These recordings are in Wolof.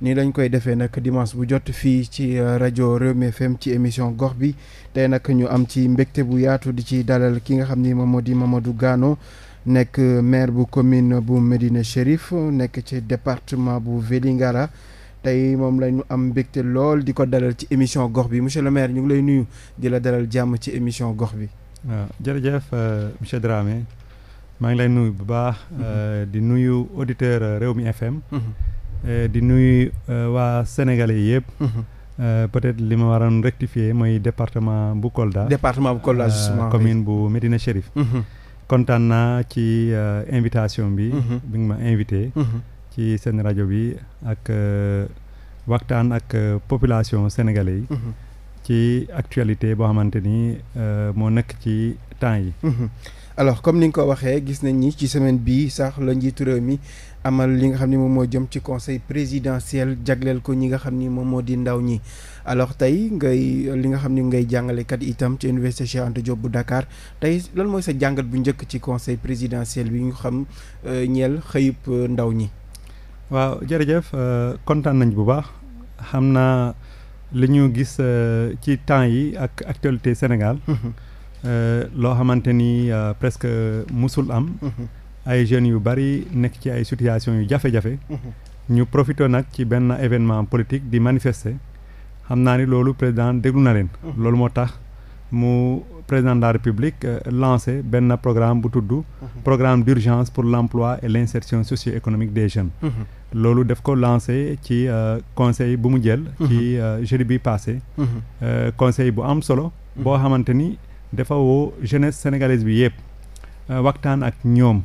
nii lañ koy defee nag dimanche bu jot fii ci euh, rajo Rewmi FM ci émission gox bi tey nag ñu am ci mbégte bu yaatu di ci dalal ki nga xam ni moom moo di Mamadou Gano nekk euh, maire bu commune bu Médina Chérif nekk ci département bu Vélingara tey moom lañu am mbégte lool di ko dalal ci émission gox bi monsieur le maire ñu ngi lay nuyu di la dalal jàmm ci émission gox bi. waaw ah, jërëjëf euh, monsieur Dramé maa ngi lay nuyu bu baax. Mm-hmm. di nuyu auditeur réew Rewmi FM. Mm-hmm. Eh, di nuyu eh, waa sénégalais yëpp. Mhm. Eh, peut-être li ma waroon rectifier mooy département bu Kolda. département bu Kolda justement commune bu Médina Chérif. Mhm. kontaan naa ci invitation bi. Mhm. bi nga ma invité. ci seen rajo bi ak waxtaan ak population sénégalais yi. ci actualité boo xamante ni moo nekk ci temps yi. alors comme ni nga ko waxee gis nañ ni ci semaine bii sax la njiitu réew mi amal li nga xam ni moom moo jëm ci conseil présidentiel jagleel ko ñi nga xam ni moom moo di ndaw ñi alors tey ngay li nga xam ni ngay jàngalekat itam ci université Cheikh Anta bu Dakar tey lan mooy sa jàngat bu njëkk ci conseil présidentiel bi ñu xam euh, ñeel xëyub euh, ndaw ñi. waaw jërëjëf euh, kontaan nañ bu baax xam naa li ñu gis ci temps yi ak actualité Sénégal. Mm-hmm. Euh, loo xamante ni euh, presque musul am. Mm-hmm. ay jeunes yu bari nekk ci ay situation yu jafe-jafe. Mm-hmm. ñu profité nag ci benn événement politique di manifester xam naa ni loolu président déglu na leen. Mm-hmm. loolu moo tax mu président de la république euh, lancé benn programme bu tudd. programme d'urgence pour l'emploi et l'insertion socio-économique des jeunes. loolu def ko lancé ci conseil bu mu jël. ci jeudi bi passé. conseil bu am solo. boo xamante ni. dafa woo jeunesse bi yëpp euh, waxtaan ak ñoom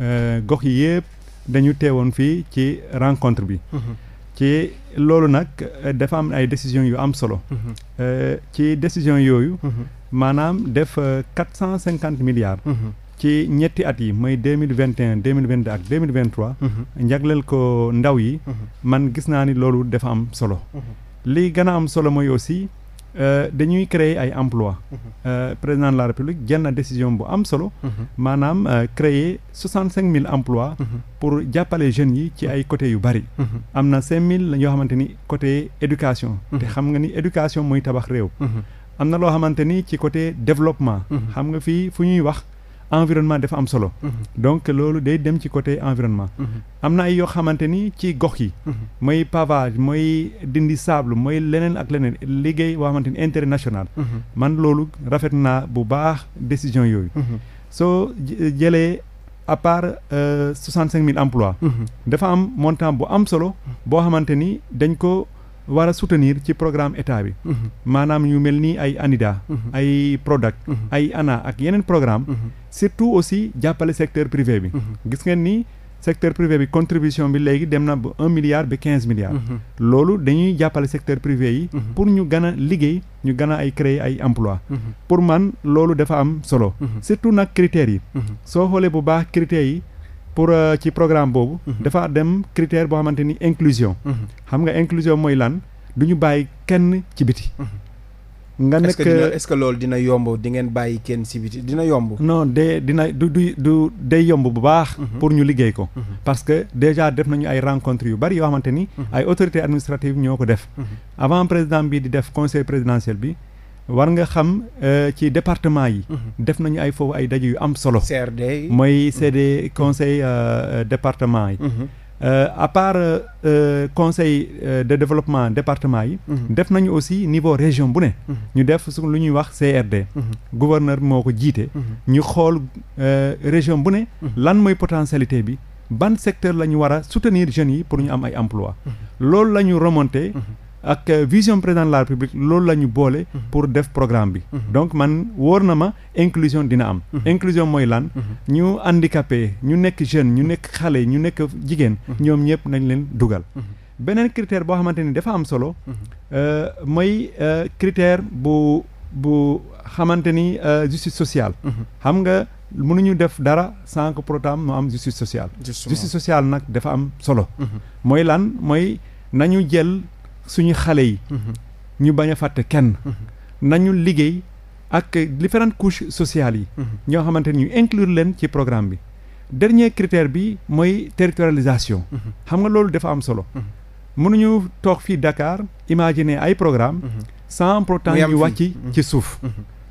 euh, gox yi yëpp dañu teewoon fii ci rencontre bi. Mm-hmm. ci loolu nag euh, dafa am ay décisions yu am solo. Mm-hmm. ci décision yooyu. Mm-hmm. maanaam def quatre cent cinquante milliards. ci ñetti at yi mooy deux mille vingt et un deux mille vingt deux ak deux mille vingt trois. njagleel ko ndaw yi. man gis naa ni loolu dafa am solo. li gën am solo mooy aussi. Euh, dañuy créer ay emploi mhm. euh, président la république jël na décision bu am solo mhm. maanaam euh, créer soixante cinq mille emploi mhm. pour jàppale jeunes yi ci ay côté yu bari am na cinq mille yoo xamante ni côté éducation te xam nga ni éducation mooy tabax réew am na loo xamante ni ci côté développement xam nga fii fu ñuy wax environnement dafa am solo. Mhm. donc loolu day dem ci côté environnement. Mhm. am na ay yoo xamante ni ci gox yi. Mhm. mooy pavage mooy dindi sable mooy leneen ak leneen liggéey boo xamante ni intérêt national. man loolu rafet naa bu baax décision yooyu. soo jëlee a part euh, soixante cinq mille emplois dafa am montant bu am solo boo xamante ni dañ ko. war a soutenir ci programme état bi. Mhm. maanaam ñu mel nii ay ANIDA. Mhm. ay PRODAC. Mhm. ay ANA ak yeneen programme surtout aussi jàppale secteur privé bi. gis ngeen ni secteur privé bi contribution bi léegi dem na ba un milliard ba quinze milliards. loolu dañuy jàppale secteur privé yi. pour ñu gën liggéey ñu gën a ay créer ay emploi pour man loolu dafa am solo. surtout nag critères yi. soo xoolee bu baax critères yi. pour euh, ci programme boobu. Mhm. dafa dem critère boo xamante ni inclusion. Mhm. xam nga inclusion mooy lan du ñu bàyyi kenn ci biti. Mhm. nga nekk est-ce que loolu dina yomb di ngeen bàyyi kenn ci biti dina yomb. non de dina du du du day yomb bu baax. pour ñu liggéey ko. parce que déjà def nañu ay rencontres yu bari yoo xamante ni. ay autorités administratives ñoo ko def. avant président bi di def conseil présidentiel bi. war nga xam euh, ci département yi. Mhm. def nañu ay foofu ay daje yu am solo. CRD mooy mhm. CD conseil euh, euh, département yi. Mhm. à part conseil de développement département yi. def nañu aussi niveau région bu ne. ñu def su lu ñuy wax CRD. gouverneur moo ko jiite. ñu xool région bu ne. lan mooy potentialité bi. ban secteur la ñu war a soutenir jeunes yi pour ñu am ay emploi loolu la ñu ak euh, vision président de la république loolu la ñu boole. Mhm. pour def programme bi. Mhm. donc man wóor na ma inclusion dina am. Mhm. inclusion mooy lan. ñu handicapé ñu nekk jeune ñu nekk xale ñu nekk jigéen. ñoom ñëpp nañ leen dugal. beneen critère boo xamante ni dafa am solo. Euh, mooy euh, critère bu bu xamante ni justice sociale. xam nga mënuñu def dara sans programme mu am justice sociale. justice sociale nag dafa am solo. mooy lan mooy nañu jël. suñu xale yi. Mm-hmm. ñu bañ a fàtte kenn. Mm-hmm. nañu liggéey ak différentes couches sociale yi. Mm-hmm. ñoo xamante ni ñu inclure leen ci programme bi. dernier critère bi mooy territorialisation. xam nga loolu dafa am solo. mënuñu toog fii Dakar imaginer ay programme sans pour autant ñu wàcc ci suuf.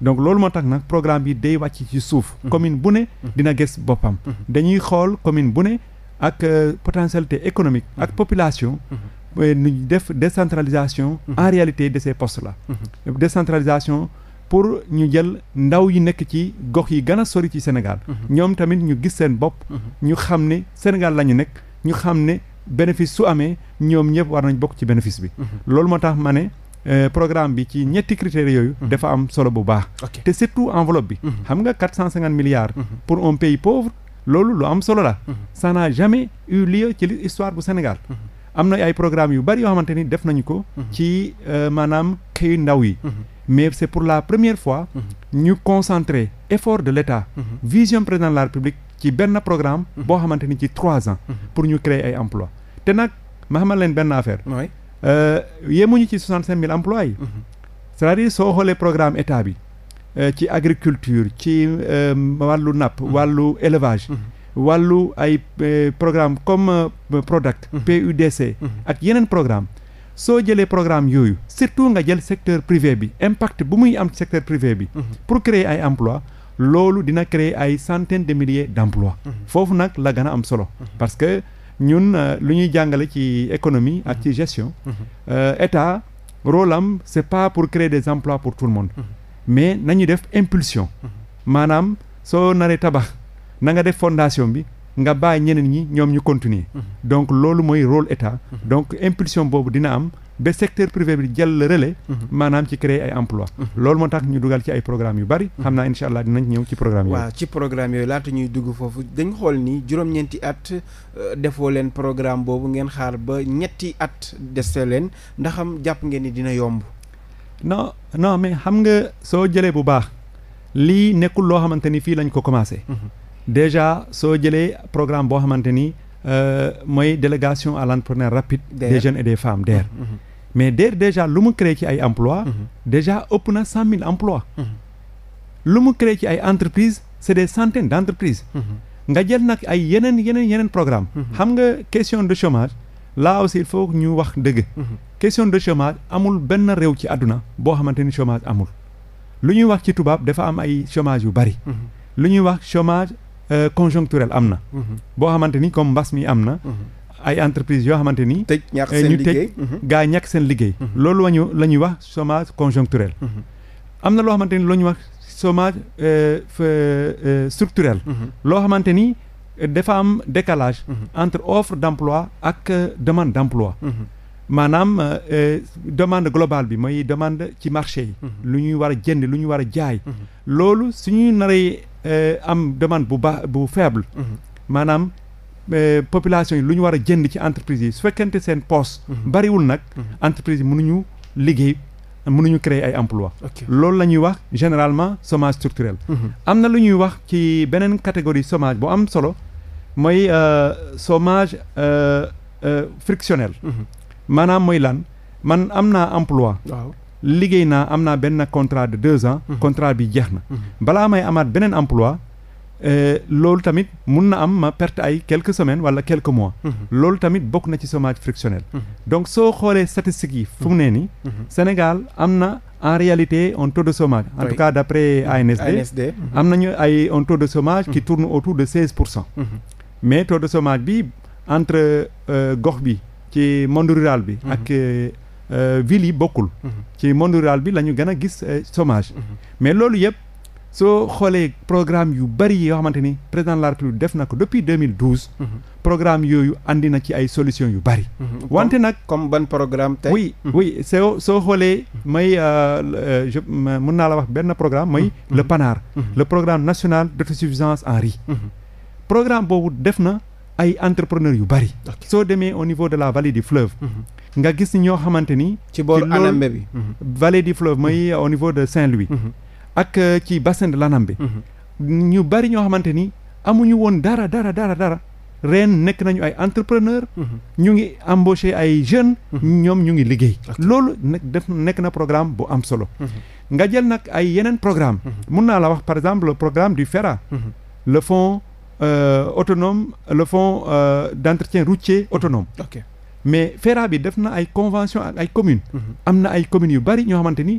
donc loolu moo tax nag programme bi day wàcc ci suuf. commune bu ne dina gis boppam. dañuy xool commune bu ne ak euh, potentialité économique ak population. ñu def décentralisation. Mhm. en réalité de ces postes la mhm. décentralisation pour ñu jël ndaw yi nekk ci gox yi gën a sori ci Sénégal. Mhm. ñoom tamit ñu gis seen bopp. ñu xam ne Sénégal la ñu nekk ñu xam ne bénéfice su amee ñoom ñëpp war nañ bokk ci bénéfice bi. loolu moo tax ma ne. Euh, programme bi ci ñetti critères yooyu. Mm dafa am solo bu baax. Okay. te surtout enveloppe bi. xam nga quatre cent cinquante milliards. pour un pays pauvre. loolu lu am solo la. ça n'a jamais eu ci l'histoire bu Sénégal. am na ay programmes yu bari yoo xamante ni def nañu ko. Mhm. ci euh, maanaam xëy ndaw yi. Mhm. mais c'est pour la première fois. Mhm. ñu concentrer effort de l'État. vision président de la République ci benn programme. boo xamante ni ci trois ans. pour ñu créer ay emplois te nag ma xamal leen benn affaire. oui euh, yemuñu ci soixante cinq mille yi. cest à soo xoolee programme état bi. Euh, ci agriculture ci wàllu napp wàllu élevage. wàllu ay euh, programme comme euh, PRODAC mhm. PUDC mhm. ak yeneen programme soo jëlee programme yooyu surtout nga jël secteur privé bi impact bu muy am secteur privé bi mhm. pour créer ay emploi loolu dina créer ay centaines de milliers d'emplois foofu nag la gën a am solo parce que ñun euh, lu ñuy jàngale ci économie ak ci gestion état rôle am c'est pas pour créer des emplois pour tout le monde mais nañu def impulsion maanaam soo naree tabax na nga def fondation bi nga bàyyi ñeneen ñi ñoom ñu continuer mhm. donc loolu mooy rôle état mhm. donc impulsion boobu dina am ba secteur privé bi jël le mhm. maanaam ci créer ay emploi loolu moo tax ñu dugal ci ay programme yu bari xam naa incha allah dinañ ñëw ci programme yooyu waaw ci programme yooyu laata ñuy dugg foofu dañ xool ni juróom-ñeenti at euh, defoo leen programme boobu ngeen xaar ba ñetti at dese leen ndaxam jàpp ngeen ni dina yomb non non mais xam nga soo jëlee bu baax lii nekkul loo xamante ni fii lañ ko commencé déjà soo jëlee programme boo xamante ni euh, mooy délégation à l'entrepreneur rapide des jeunes et des femmes DER mm-hmm. Mm-hmm. mais DER déjà lu mu créé ci ay emploi mm-hmm. déjà ëpp na cent mille emplois lu mu créé ci ay entreprises c'est des centaines d'entreprises nga jël nag ay yeneen yeneen yeneen programme xam nga question de chômage là aussi il faut ñu wax dëgg question de chômage amul benn réew ci adduna boo xamante ni chômage amul lu ñuy wax ci tubaab dafa am ay chômage yu bari wax chômage Euh, conjoncturel am na. Mhm. boo xamante ni comme mbas mi am na. Mhm. ay entreprises yoo xamante ni. tëj ñàkk euh, seen liggéey ñu tëj mhm. gaa ñàkk seen liggéey. loolu la ñu la ñuy wax chômage conjoncturel. am na loo xamante ni la ñu wax chômage euh, structurel. loo xamante ni dafa am décalage. entre offre d' ak demande d' maanaam euh, demande globale bi mooy demande ci marché yi. Mhm. lu ñuy war a jënd lu ñu war a jaay. Mhm. loolu su ñuy naree euh, am demande bu baax bu faible. Mhm. maanaam euh, population yi lu ñu war a jënd ci entreprise yi su fekkente seen poste. bariwul nag entreprise yi mënuñu liggéey. mënuñu créer ay emploi loolu la ñuy wax généralement chômage structurel am na lu ñuy wax ci beneen catégorie chômage bu am solo mooy somage frictionnel maanaam mooy lan man am naa emploi liggéey naa am naa benn contrat de deux ans mhm. contrat bi jeex na mhm. balaa may amaat beneen emploi euh, loolu tamit mun na am ma perte ay quelques semaines wala quelque mois mhm. loolu tamit bokk na ci chômage frictionnel donc soo xoolee statistiques yi fu mu nee nii Sénégal am na en réalité un taux de chômage en tout cas d'après ANSD am nañu ay un taux de chômage qui tourne autour de seize pour cent mais taux de chômage bi entre euh, gox bi ci monde rural bi. Mm-hmm. ak euh, ville yi bokkul. Mm-hmm. ci monde rural bi la ñu gën a gis somage euh, mm-hmm. mais loolu yëpp soo xoolee programme yu bari yoo xamante ni président de la République def na ko depuis 2012. programme yooyu andi na ci ay solution yu bari. wante nag comme ban programme tey. oui soo soo xoolee may euh, je mën naa la wax benn programme mooy. le PANAR. le programme national d'autosuffisance en riz. programme boobu def na. ay entrepreneurs yu bari. Okay. soo demee au niveau de la vallée du fleuve. Mm nga gis ñoo xamante ni. ci booru Anambé bi mhm. vallée du fleuve mooy au niveau de Saint-Louis. Mhm. ak euh, ci bassin de l'Anambé. Mhm. ñu bari ñoo xamante ni amuñu woon dara dara dara dara. ren nekk nañu ay entrepreneur ñu ngi embauché ay jeunes. ñoom ñu ngi liggéey. loolu nag def nekk na programme bu am solo. nga jël nag ay yeneen programme mun naa la wax par exemple programme du FERA. le fonds Euh, autonome le fon euh, d'entretien routier autonome. Okay. mais FERA bi def na ay convention ak ay communes. Mhm. am na ay communes yu bari ñoo xamante ni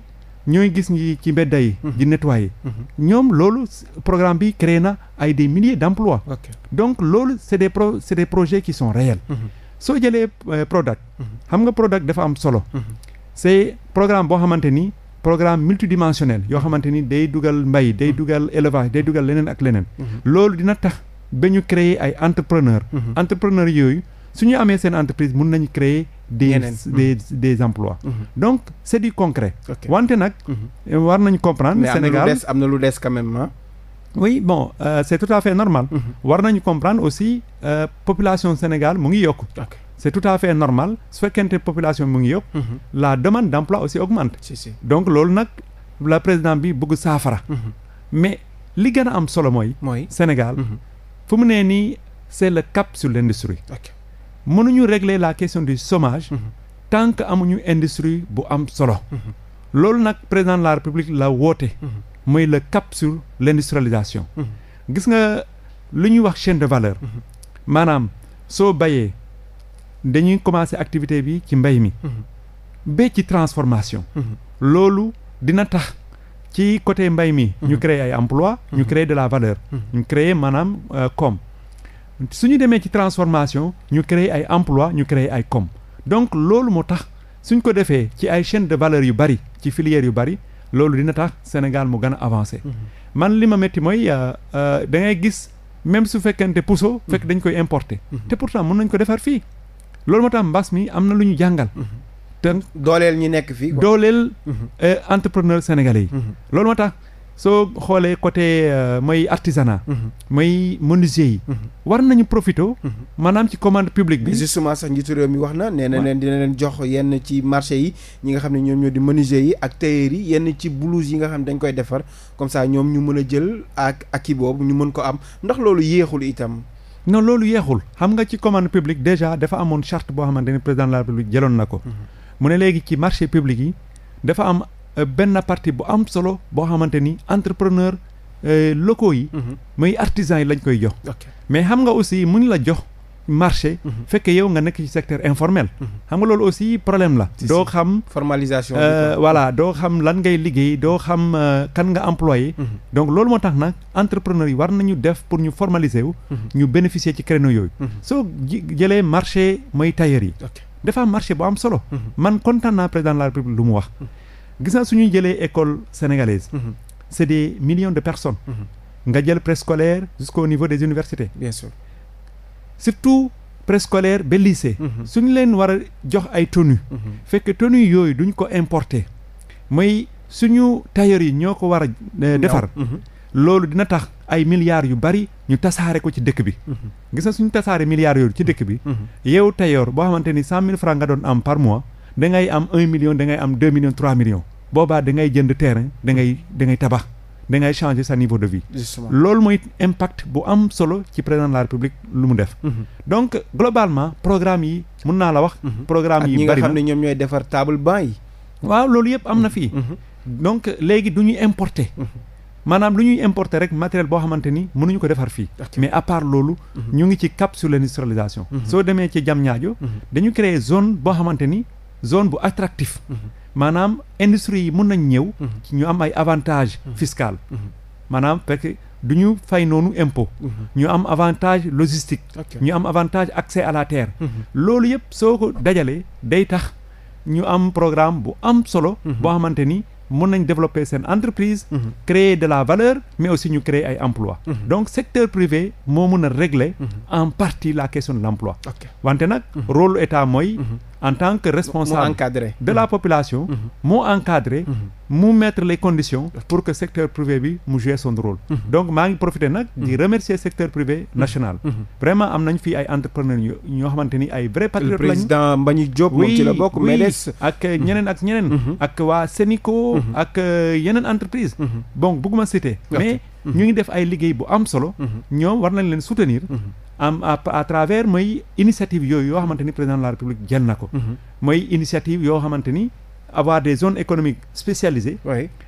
ñooy gis ñi ci mbedda yi. Mhm. di nettoyer. Mhm. ñoom loolu programme bi créé na ay des milliers d'emplois. Okay. donc loolu c'est des pro c'est des projets qui sont réels. soo jëlee euh, Prodac. xam nga Prodac dafa am solo. c'est programme boo xamante ni programme multidimensionnel yoo xamante ni day dugal mbay day dugal élevage day dugal leneen ak leneen. loolu ba ñu créer ay entrepreneur mm-hmm. entrepreneur yooyu su ñu amee seen entreprise mun nañu créer des des mm-hmm. des emplois mm-hmm. donc c' est du concret wante nag war nañ comprendre Sénégal am na lu des quand même bon euh, c' est à fait normal war nañu comprendre aussi euh, population Sénégal mu ngi yokk c' est tout à fait normal su fekkente population mu ngi yokk la demande d' aussi augmente si, si. donc loolu nag la président bi bëgg saafara mais li gën a am solo mooy Sénégal fu mu nee nii c'est le cap sur l'industrie mënuñu okay. régler la question du chômage mm tant que amuñu industrie bu am solo mhm. loolu nag président la république la woote mooy mhm. le cap sur l'industrialisation mhm. gis nga lu ñuy wax chaîne de valeur maanaam soo bayee dañuy commencer activité bi ci mbay mi ba ci transformation loolu dina tax ci côté mbay mi. Mhm. ñu créer ay emploi ñu mhm. créer de la valeur. Mhm. ñu créer maanaam koom. Euh, su ñu demee ci transformation ñu créer ay emploi ñu créer ay koom donc loolu moo tax suñ ko defee ci ay chaine de valeur yu bari ci filière yu bari loolu dina tax Sénégal mu gën a avancé. man li ma métti mooy euh, euh, da ngay gis même su fekkente puso. fekk dañ koy importer. te pourtant mën nañ ko defar fii. loolu moo tax mbas mi am na lu ñu jàngal. tënk. dooleel ñi nekk fii. dooleel mhm. eh, entrepreneur sénégalais yi. Mhm. loolu moo tax soo xoolee côté euh, mooy artisanat. Mhm. mooy menuisier yi. war nañu profité. maanaam ci commande publique bi. justement sax njiitu réew mi wax na nee na leen dina leen jox yenn ci marché yi ñi nga xam ne ñoom ñoo di menuisier yi ak tailleur yi yenn ci blouse yi nga xam ne dañ koy defar comme ça ñoom ñu mën a jël ak ak kii boobu ñu mën ko am ndax loolu yéexul itam. non loolu yeexul xam nga ci commande publique déjà dafa amoon charte boo xamante ne président de la République jëloon na ko. mu ne léegi ci marché public yi dafa am euh, benn partie bu am solo boo xamante ni entrepreneur euh, locaux yi mooy mhm. artisans yi lañ koy jox mais xam nga aussi muñ la jox marché mhm. fekk yow nga nekk ci secteur informel mhm. xam nga loolu aussi problème la doo xam formalisation euh, voilà doo xam lan ngay liggéey doo xam kan nga employé donc loolu moo tax nag entrepreneur yi war nañu def pour ñu formaliser wu ñu bénéficier ci créneau yooyu soo jëlee marché mooy tailleur yi defaa am marché bu am solo. Mhm. man kontaan naa président de la république lu mu wax. Mhm. gis naa su ñuy jëlee école sénégalaise. Mhm. c' est des millions de personnes. nga jël préscolaire jusqu'au niveau des universités. bien sûr surtout préscolaire ba lycée. su leen war a jox ay tenues. fekk tenues yooyu duñ ko importer mooy suñu tailleur yi ñoo ko war euh, defar. loolu dina tax ay milliards yu bari ñu tasaare ko ci dëkk bi. Mhm. gis na suñu tasaare milliards yooyu ci dëkk bi. Mhm. yow tayoor boo xamante ni cent mille francs nga doon am par mois da ngay am un million da ngay am deux millions trois boobaa da ngay jënd terrain da ngay da ngay tabax da ngay changer sa niveau de vie. loolu mooy impact bu am solo ci président de la république lu mu def. Mhm. donc globalement programme yi mun naa la wax. programme yi bari na ak ne ñoom ñooy defar table banc yi. waaw loolu yëpp am na fii. donc léegi du ñuy importer. maanaam lu ñuy importer rek matériel boo xamante ni mënuñu ko defar fii mais à part loolu mhm. ñu ngi ci cap sur l'industrialisation mhm. soo demee ci Diamniadio mhm. dañu créer zone boo xamante ni zone bu attractif maanaam industrie yi mën nañ ñëw ñu am ay avantage fiscal maanaam parce du ñu fay noonu impôt ñu am avantage logistique ñu am avantage accès à la terre loolu yëpp soo ko dajalee day tax ñu am programme bu am solo boo xamante ni mën nañ développer seen entreprise. Mm créer de la valeur mais aussi ñu créer ay emploi mm -hmm. donc secteur privé moo mën a régler. Mhm. en partie la question de l'emploi. wante nag mhm. rôle état mooy. Mhm. en tant que responsable encadré. de la mm-hmm. population moo mm-hmm. encadré mm-hmm. mu mettre les conditions pour que secteur privé bi mu jouer son rôle donc maa ngi profiter nag di remercier secteur privé national vraiment am nañ fi ay entrepreneurs yu ñoo xamante ni ay vrais patriotes lañu président Mbagnick Diop moom ci la bokk ak ñeneen ak ñeneen ak waa Senico ak euh, yeneen entreprise bon bëgguma citer mais ñu ngi def ay liggéey bu am solo ñoom war nañ leen soutenir am à travers mooy initiative yooyu yoo xamante ni président de la république jël na ko mooy mhm. initiative yoo xamante ni avoir des zones économiques spécialisées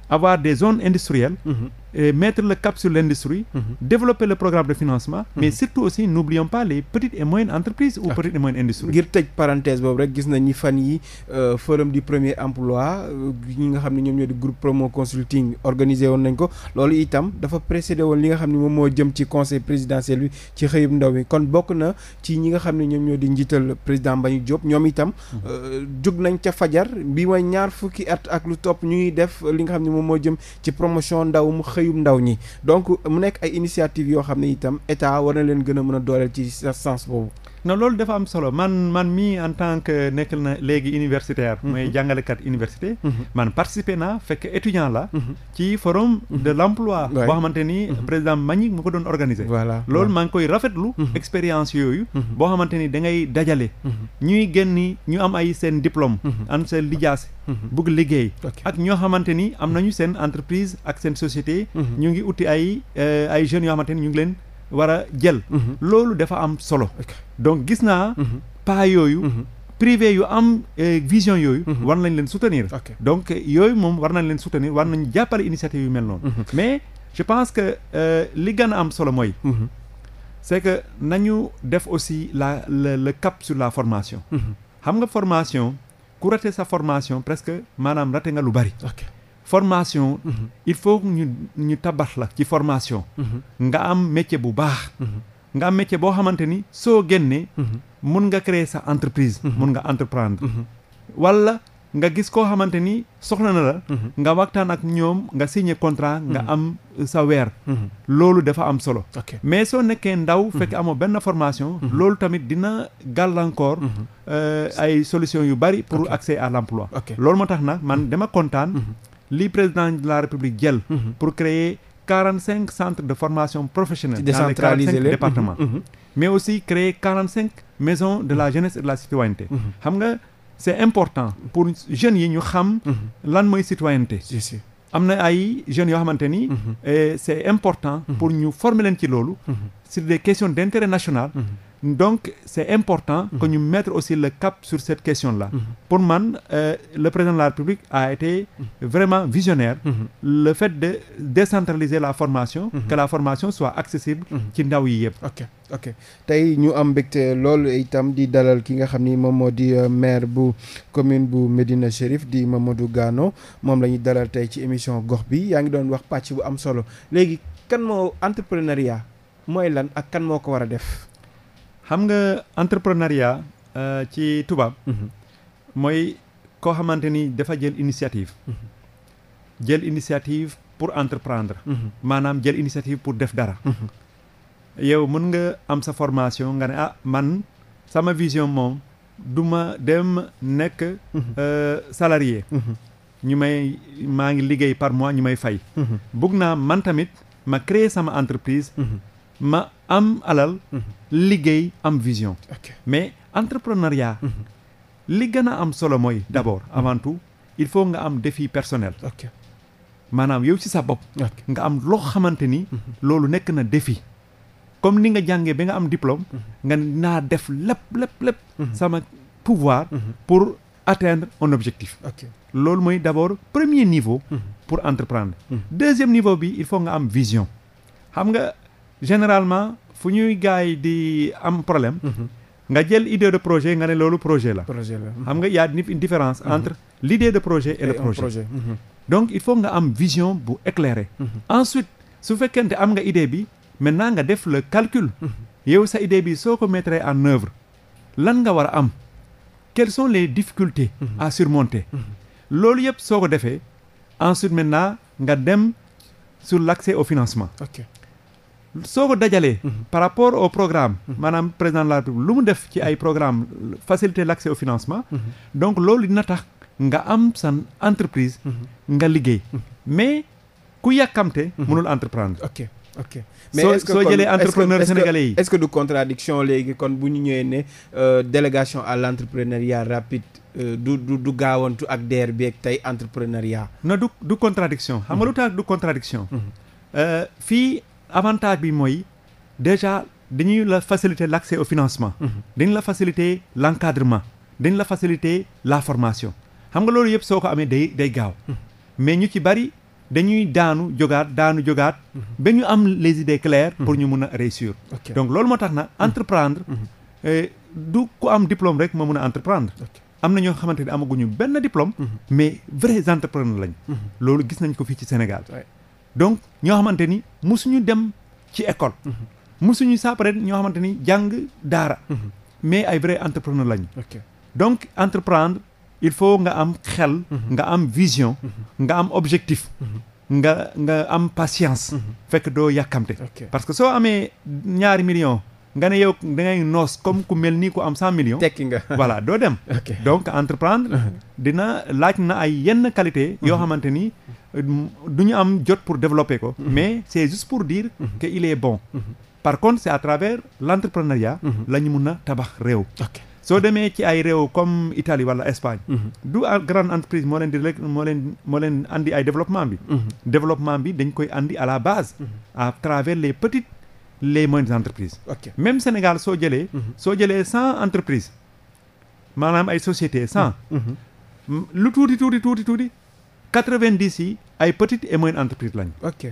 avoir des zones industrielles mhm. mettre le cap sur l'industrie mmh. développer le programme de financement mmh. mais surtout aussi n'oublions pas les petites et moyennes entreprises ou ah. et moyennes industries ngir tëj parenthèse boobu rek gis nañu fan yi euh, forum du premier emploi euh, ñi nga xam ne ñoom ñoo di groupe promo consulting organisé woon nañ ko loolu itam dafa précédé woon li nga xam ne moom moo jëm ci conseil présidentiel bi ci xëyub ndaw mi kon bokk na ci ñi nga xam ne ñoom ñoo di njiital président Mbagnick Diop ñoom itam mhm. euh, jug nañ ca fajar bi mooy ñaar fukki at ak lu topp ñuy def li nga xam ne moom moo jëm ci promotion ndaw mu xëy xëyum ndaw ñi donc mu nekk ay initiative yoo xam ne itam état war na leen gën a mën a dooleel ci sens boobu na loolu dafa am solo man man mii en tant que nekk na léegi universitaire mhm. mooy jàngalekat université mhm. man participer na fekk étudiant la mhm. ci forum de l'emploi boo xamante ni président Mbagnick mu ko doon organiser voilà loolu maa ngi koy rafetlu expérience yooyu boo xamante ni dangay ngay dajale ñuy génni ñu am ay seen diplôme am seen lijaase bugg liggéey ak ñoo xamante ni am nañu seen entreprise ak seen société ñu ngi uti ay euh, ay jeunes yoo xamante ni ñu ngi leen war a jël. Mhm. loolu dafa am solo. donc gis naa. Mhm. pas yooyu. Mhm. privé yu am eh, vision yooyu. war nañ leen soutenir. donc yooyu moom war nañ leen soutenir war nañu jàppale initiative yu mel noonu. mais je pense que eh, li gën a am solo mooy. c'est que nañu def aussi la le, le cap sur la formation. xam nga formation ku raté sa formation presque maanaam raté nga lu bari. formation. Mhm. il faut ñu ñu tabax la ci formation. Mhm. nga am métier bu baax. Mhm. nga am métier boo xamante ni soo génnee. mun nga créer sa entreprise. mun nga entreprendre. wala nga gis koo xamante ni soxla na la. nga waxtaan ak ñoom nga siñe contrat. nga am sa weer. loolu dafa am solo. mais soo nekkee ndaw. fekk amoo benn formation. loolu tamit dina gàllankoor. Euh, ay solution yu bari pour accès à l'emploi. loolu moo tax na man dama kontaan. li président de la république jël. pour créer quarante cinq centres de formation professionnelle. dans les quarante cinq départements. Mhm. Mhm. mais aussi créer quarante cinq maisons de la jeunesse et de la citoyenneté. Mhm. xam nga est important pour jeunes yi ñu xam. lan mooy citoyenneté. am na ay jeunes yoo xamante ni. est important pour ñu former leen ci loolu. sur des questions d' intérêt national. donc c'est important que mhm. ñu mettre aussi le cap sur cette question la mhm. pour man euh, le président de la République a été mhm. vraiment visionnaire le fait de décentraliser la formation que la formation soit accessible ci ndaw yi yëpp ok ok tey ñu am mbégte loolu itam di dalal ki nga xam ni moom moo di euh, maire bu commune bu Médina Chérif di Mamadou Gano moom la ñuy dalal tey ci émission gox bi yaa ngi doon wax pàcc bu am solo léegi kan moo entrepreneuriat mooy lan ak kan moo ko war a def xam nga entrepreneuriat euh, ci tubaab. Mhm. mooy koo xamante ni dafa jël initiative. Mhm. jël initiative pour entreprendre. Mhm. maanaam jël initiative pour def dara. yow mën nga am sa formation nga ne ah man sama vision moom du ma dem nekk. Euh, salarié. ñu may maa ngi liggéey par mois ñu may fay. bugg naa man ma créer sama entreprise. ma am alal. Mhm. liggéey am vision. mais entrepreneuriat. Mhm. li gën a am solo mooy d' abord mhm. avant tout il faut nga am défi personnel. maanaam yow si sa bopp. nga am loo xamante ni. loolu nekk na défi. comme ni nga jàngee ba nga am diplôme. nga naa def lépp lépp lépp. sama pouvoir. pour atteindre un objectif. loolu mooy d' abord premier niveau. pour entreprendre. deuxième niveau bi il faut nga am vision. xam nga. généralement fu ñuy gars yi di am problème. Mhm. nga jël idee de projet nga ne loolu projet la. projet la xam nga y a différence mhm. entre l'idée de projet et le projet. Mhm. donc il faut nga am vision bu éclairée. ensuite su fekkente am nga idée bi maintenant nga def la calcul. yow sa idée bi soo ko mettre en œuvre lan nga war a am quelles sont les difficultés. à surmonter. loolu yëpp soo ko defee ensuite maintenant nga dem sur l'accès au financement. soo ko dajalee. Mhm. par rapport au programme. maanaam président de la République lu mu def ci ay programme faciliter l' accès au financement. Mhm. donc loolu na tax nga am sa entreprise. Mhm. nga liggéey mais ku yàkkamte. mënul entreprendre. ok ok mais so, que soo jëlee entrepreneur sénégalais yi. est ce que du contradiction léegi kon bu ñu ñëwee ne euh, délégation à l' rapide. Euh, du du du gaawantu ak DER bi ak tey entrepreneuriat. non du du contradiction xam lu tax du contradiction euh, avantage bi mooy déjà dañuy la faciliter l'accès au financement mhm. dañ la facilité l'encadrement dañ la facilité la formation xam nga loolu yëpp soo ko amee day day gaaw mhm. mais ñu ci bari dañuy daanu jógaat daanu jogaat mhm. ba ñu am les idées claires pour ñu mun a réussir donc loolu moo tax na entreprendre eh, du ku am diplôme rek moo mun a entreprendre am na ñoo xamante ne amaguñu benn diplôme mais vrais entrepreneurs lañ loolu gis nañ ko fii ci Sénégal donc ñoo xamante ni musuñu dem ci école. Mhm. musuñu saapare ñoo xamante ni jàng daara. Mhm. mais ay vrai entrepreneur lañu. donc entreprendre il faut nga am xel. Mhm. nga am vision. nga am objectif. nga nga am patience. fekk doo yàkkamte. parce que soo amee ñaari million nga ne yow da ngay noos comme ku mel nii ko am cent million tekki nga voilà doo dem. donc entreprendre. dina laaj na ay yenn qualité yoo xamante ni. du ñu am jot pour développer ko. Mhm. mais c' est pour dire. Mhm. que il est bon. Mhm. par contre c' à travers l' entrepreneuriat. la mun na tabax réew. soo demee ci ay réew comme Italie wala Espagne. du grande entreprise moo leen di rek moo leen moo leen andi ay développement bi. développement bi dañ koy andi à la base. à travers les petites les moyennes entreprises. même Sénégal soo jëlee. soo jëlee cent entreprises maanaam ay sociétés cent. lu tuuti tuuti tuuti tuuti quatre-vingt-dix yi ay petites et moyennes entreprises lañ. ok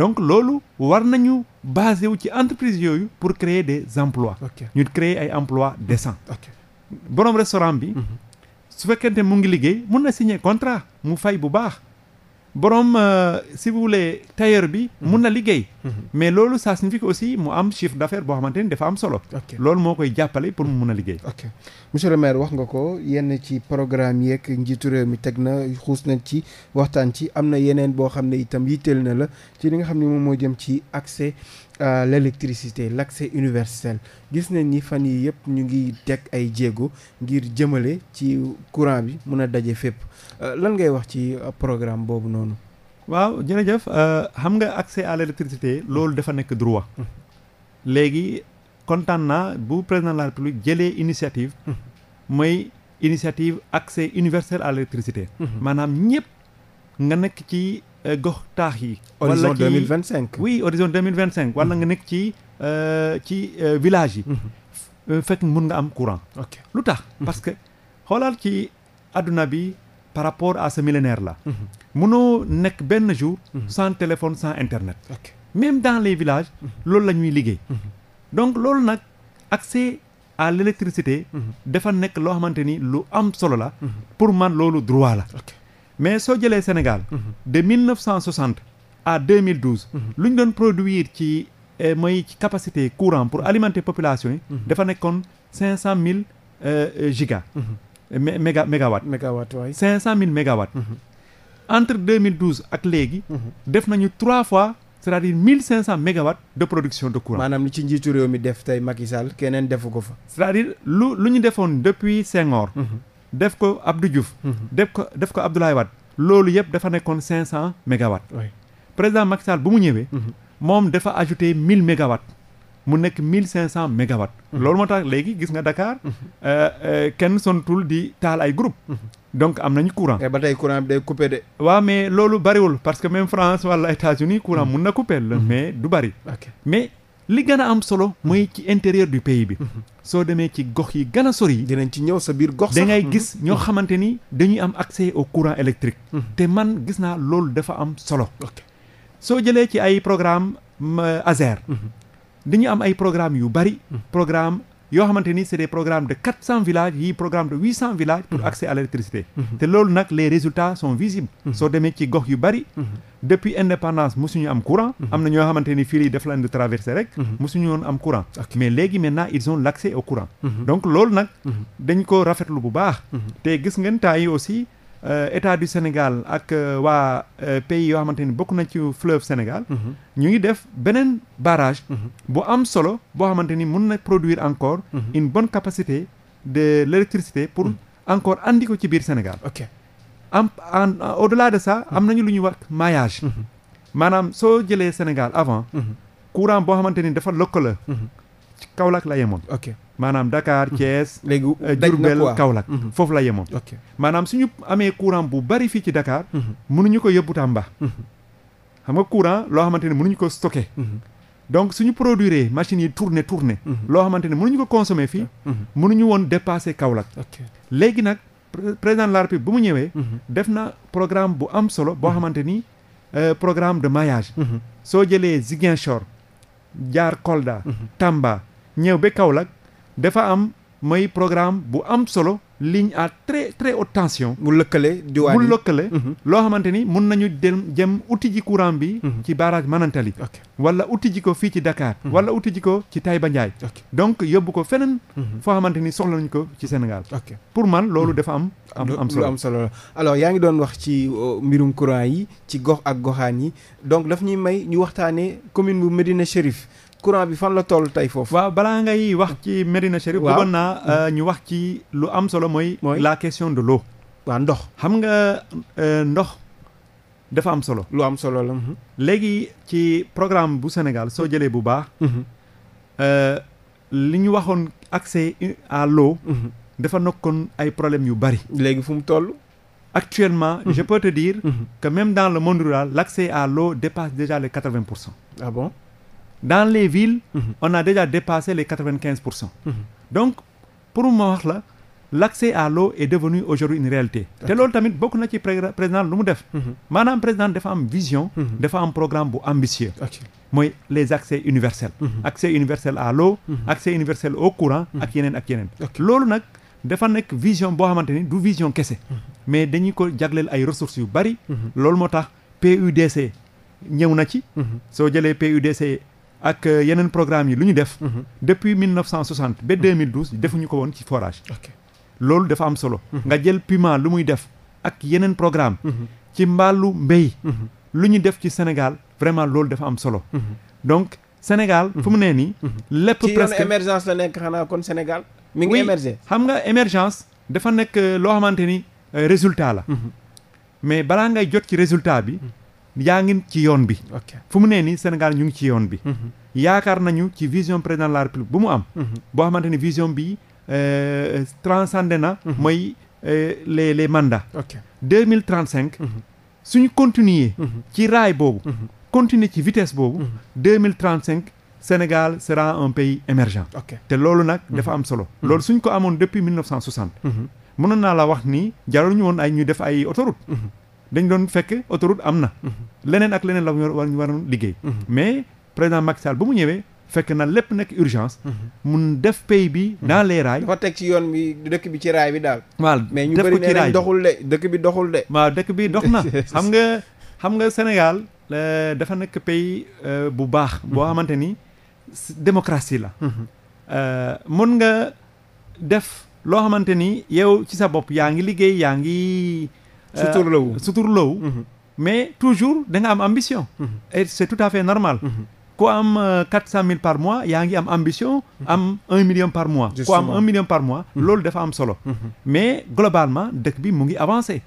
donc loolu war nañu basé wu ci entreprise yooyu pour créer des emplois ñu okay. créer ay emplois décents okay. boroom restaurant bi. Mhm. su fekkente mu ngi liggéey mun na signer contrat mu fay bu baax. borom euh, si vous voulez tailleur bi mhm. mun na liggéey mhm. mais loolu ça signifie que aussi mu am chiffre d'affaires boo xamante ni dafa am solo loolu moo koy jàppale pour mu mun a liggéey ok monsieur maire wax nga ko yenn ci programme yeeg njiitu réew mi teg na xuus nañ ci waxtaan ci am na yeneen boo xam ne itam yitteel na la ci li nga xam ne moom moo jëm ci accès à l'électricité l'accès universel gis nañ ni fan yii yëpp ñu ngi teg ay jéego ngir jëmale ci courant bi mun a daje fépp Euh, lan ngay wax ci euh, programme boobu noonu. waaw jërëjëf euh, xam nga accès à l'électricité loolu dafa nekk droit. Hmm. léegi kontaan naa bu président de la république jëlee initiative. Hmm. mooy initiative accès universel à l'électricité. Hmm. maanaam ñëpp nga nekk ci gox taax yi. horizon deux mille vingt cinq oui horizon deux mille vingt cinq wala nga nekk ci ci village yi. fekk mun nga am courant. lu tax parce que xoolal ci adduna bi. par rapport à ce millénaire la mënoo nekk benn jour. sans téléphone sans internet. Okay. même dans les villages. loolu la ñuy liggéey. donc loolu nag accès à l' électricité. dafa nekk loo xamante ni lu am solo la. pour man loolu droit la. mais soo jëlee Sénégal. de 1960 à 2012. lu ñu doon produit ci eh, mooy ci capacité courant pour alimenter population yi. dafa nekkoon 500 000 gigas. Eh, méga mégawatt. mégawatt waay 500000 mégawatts. Mm-hmm. entre 2012 ak léegi. Mm-hmm. def nañu trois fois. c'est-à-dire 1500 mégawatts de production de courant. maanaam li ci njiitu réew mi def tey Macky Sall keneen defu fa. cest lu lu ñu defoon depuis Senghor. Mm-hmm. def ko Abdou def ko def loolu yëpp dafa nekkoon 500 mégawatts. président Macky Sall bu mu ñëwee. moom dafa ajouté 1000 mu nekk mille cinq cent mégawatts mhm. loolu moo tax léegi gis nga Dakar mhm. euh, euh, kenn sontul di taal ay groupe mhm. donc am nañu courant. Eh, ba tey courant bi day coupé de. waaw mais loolu bariwul parce que même France wala États-Unis courant mun na coupé la mais du bari. mais li gën a am solo mooy ci intérieur du pays bi. soo demee ci gox yi gën a sori. dinañ ci ñëw sa biir gox da ngay gis ñoo xamante ni dañuy am accès au courant électrique. te man gis naa loolu dafa am solo. soo jëlee ci ay programme euh, ASER. dañu am ay programmes yu bari. programme yoo xamante ni c'est des programmes de quatre cent villages yi programme de huit cent villages. pour mhm. accès à l'électricité mhm. te loolu nag les résultats sont visibles. Mhm. soo demee ci gox yu bari. depuis indépendance mosuñu am courant. am na ñoo xamante ni fii lii traversé rek. mosuñu woon am courant. mais léegi maintenant ils ont l'accès au courant. donc loolu nag. dañ ko rafetlu bu baax. te gis ngeen temps yi aussi. Euh, état du Sénégal ak euh, waa euh, pays yoo xamante ni bokk na ci fleuve Sénégal. Mhm. ñu ngi def beneen barrage. Mhm. bu am solo boo xamante ni mun na produire encore. Mhm. une bonne capacité de l'électricité pour encore andi ko ci biir Sénégal. ok am au-delà de ça am nañu lu ñuy wax maillage. maanaam soo jëlee Sénégal avant. courant boo xamante ni dafa lëkkaloo. ci Kaolack la yemoon. ok maanaam Dakar mhm. Thiès. léegi eh, Diourbel mhm. Kaolack. foofu la yemoon. ok maanaam suñu amee courant bu bari fii ci Dakar. Mhm. mënuñu ko yóbbu Tamba. xam nga courant loo xamante ne mënuñu ko stocké. donc suñu produire machine yi tourné tourné. loo xamante ne mënuñu ko consommer fii. mënuñu woon dépasser Kaolack. léegi nag président de la République bu mu ñëwee. def na programme bu am solo boo xamante ni euh, programme de maillage. soo jëlee Ziguinchor. jaar Kolda. Tamba ñëw be Kaolack dafa am may programme bu am solo ligne à très très haute tension. mu lëkkale diwaan mu lëkkale. Mhm. loo xamante ni mun nañu dem jëm uti ji courant bi. Mhm. ci barrage Manantali. wala uti ji ko fii ci dakaar mhm. wala uti ji ko ci Taïba Ndiaye. donc yóbbu ko feneen. foo xamante ni soxla nañu ko ci Sénégal. pour man loolu dafa am. am solo am solo alors yaa ngi doon wax ci euh, mbirum courant yi ci gox ak goxaan yi donc daf ñuy may ñu waxtaanee commune bu Médina Chérif. courant bi fan la toll tey foofu. waaw balaa ngay wax ci Medina Chérif. waaw bëggoon euh, ñu wax ci lu am solo mooy. la question de l'eau waa ndox xam nga euh, ndox dafa am solo. lu am solo la. Mhm. léegi ci programme bu Sénégal soo jëlee bu baax. Mhm. Euh, li ñu waxoon accès à l'eau mhm. dafa nokkoon ay problèmes yu bari. léegi fu mu toll. actuellement je peux te dire. que même dans le monde rural l'accès à l'eau dépasse déjà le quatre-vingts pour cent. ah bon dans les villes mmh. on a déjà dépassé les quatre-vingt-quinze mhm. donc pour ma wax la l'accès à lo est devenu aujourd'hui une réalité te loolu tamit bokk na ci président lu mu def mhm. maanaam président dafa am vision mhm. dafa am programme bu ambitieux mooy les accès universels accès universel à l'eau accès universel au courant ak yeneen ak yeneen loolu nag dafa nekk vision boo xamante ni du vision kese mais dañuy ko jagleel ay ressources yu bari loolu moo tax PUDC ñëw na ci soo jëlee PUDC ak euh, yeneen programme yi lu ñu def. Mhm. depuis 1960 ba 2012 defuñu ko woon ci forage. loolu dafa am solo. Mhm. nga jël Puma lu muy def ak yeneen programme mhm. ci mbaalu mbéy. lu ñu def ci Sénégal vraiment loolu dafa am solo. donc Sénégal. fu mu nee nii. lépp presque ci émergence la nekk xanaa kon Sénégal. mi ngi émerger xam nga émergence dafa nekk euh, loo xamante ni euh, résultat la. mais balaa ngay jot ci résultat bi. yaa ngi ci yoon bi. fu mu nee nii Sénégal ñu ngi ci yoon bi. Mm-hmm. yaakaar nañu ci vision président de la République bu mu am. Mm-hmm. boo xamante ni vision bi euh, transcendé na. Mm-hmm. mooy euh, les les mandats. ok deux mille trente cinq. suñu continuer. ci raay boobu. continuer ci vitesse boobu. deux mille trente cinq. Sénégal sera un pays émergent. ok te loolu nag dafa am solo. loolu suñ ko amoon depuis mille neuf cent soixante. mënoon naa la wax ni jarul ñu woon ay ñu def ay autoroute. dañ doon fekk autoroute am na. Mhm. leneen ak leneen la war ñu waroon liggéey. Mhm. mais président Macky Sall bu mu ñëwee. fekk na lépp nekk urgence. Mhm. mun def pay bi. dans les rails. teg ci yoon bi dëkk bi ci raay bi daal. waaw mais ñu bëri nee doxul dëkk bi doxul de. dëkk bi dox na xam nga xam nga Sénégal euh, dafa nekk pay euh, bu baax. boo xamante ni démocratie la. Euh, mun nga def loo xamante ni yow ci sa bopp yaa ngi liggéey yaa ngi. Euh, suturloowu suturloowu mm-hmm. mais toujours danga am ambition mm-hmm. et c'est tout à fait normal mm-hmm. ku am euh, mille par mois yaa ngi am ambition am un million par mois ku am un million par mois loolu dafa am solo mais globalement dëkk bi mu ngi avancé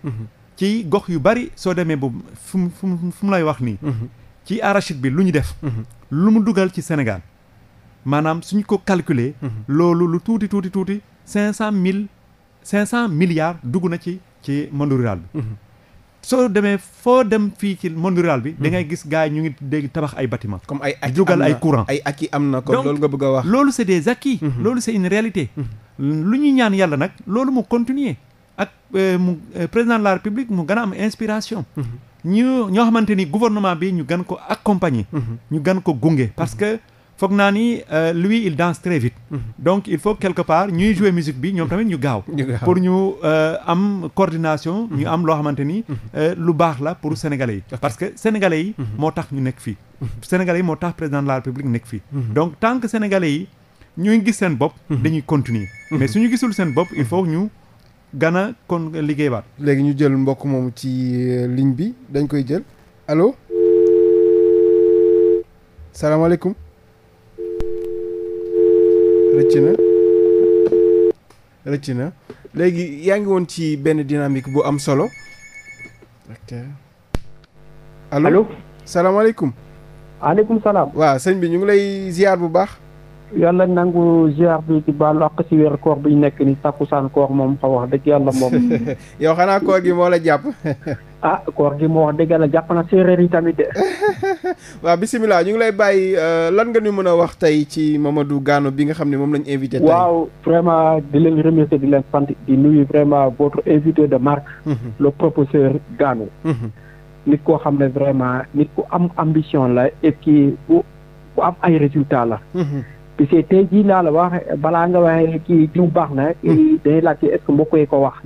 ci gox yu bari soo demee bo fu mu fu mu lay wax nii ci arachide bi lu ñu def lu mu dugal ci Sénégal maanaam suñu ko calculer loolu lu tuuti tuuti tuuti cent mille cinq cent milliards dugg na ci ci monde rural bi mhm. soo demee foo dem fii ci monde rural bi da mhm. ngay gis gars yi ñu ngi dégg tabax ay batiment comme ay ak dugal ay courant ay am na kon loolu nga bëgg a wax loolu c'est des acquis mhm. loolu c'est une réalité lu ñuy ñaan yàlla nag loolu mu continuer ak euh, mu euh, président de la république mu gën am inspiration ñu ñoo xamante ni gouvernement bi ñu gën ko accompagner ñu gën ko gunge parce que foog naa ni euh, lui il dans très vite. Mhm. donc il faut quelque part ñuy jouer musique bi ñoom tamit ñu gaaw. pour ñu euh, am coordination. ñu mhm. am loo xamante ni mhm. euh, lu baax la pour sénégalais yi. parce que sénégalais yi. moo tax ñu nekk fii. sénégalais yi moo tax président de la république nekk fii. donc tant que sénégalais yi ñuy gis seen bopp. dañuy continuer. mais su ñu gisul seen bopp il faut ñu. gana kon liggéey baat léegi ñu jël mbokk moomu ci ligne bi dañ koy jël alo salaamaaleykum rëcc na rëcc na léegi yaa ngi woon ci benn dynamique bu am solo. allo allo. salaamaaleykum. waaleykum salaam. waa sëñ bi ñu ngi lay ziar bu baax. yàlla nangu ziar bi ci baalu ak ci weer koor bi ñu nekk takku takkusaan koor moom xaw wax dëgg yàlla moom. yow xanaa koor gi moo la jàpp. ah koor gi moo wax dëgg yàlla jàpp na séeréer yi tamit de. waaw bisimilah ñu ngi lay bàyyi euh, lan nga ñu mën a wax tey ci du Gano bi nga xam ne moom lañ invité. tey waaw vraiment di leen remercier di leen sant di nuyu vraiment votre invité de marque. Mhm. le professeur Gano. Mhm. nit koo xam ne vraiment nit ku am ambition la et puis bu ku am ay résultats la. parce mhm. que tey jii laa la wax balaa nga waxee kii jiw baax na. day laajte est ce que mbokk ko wax.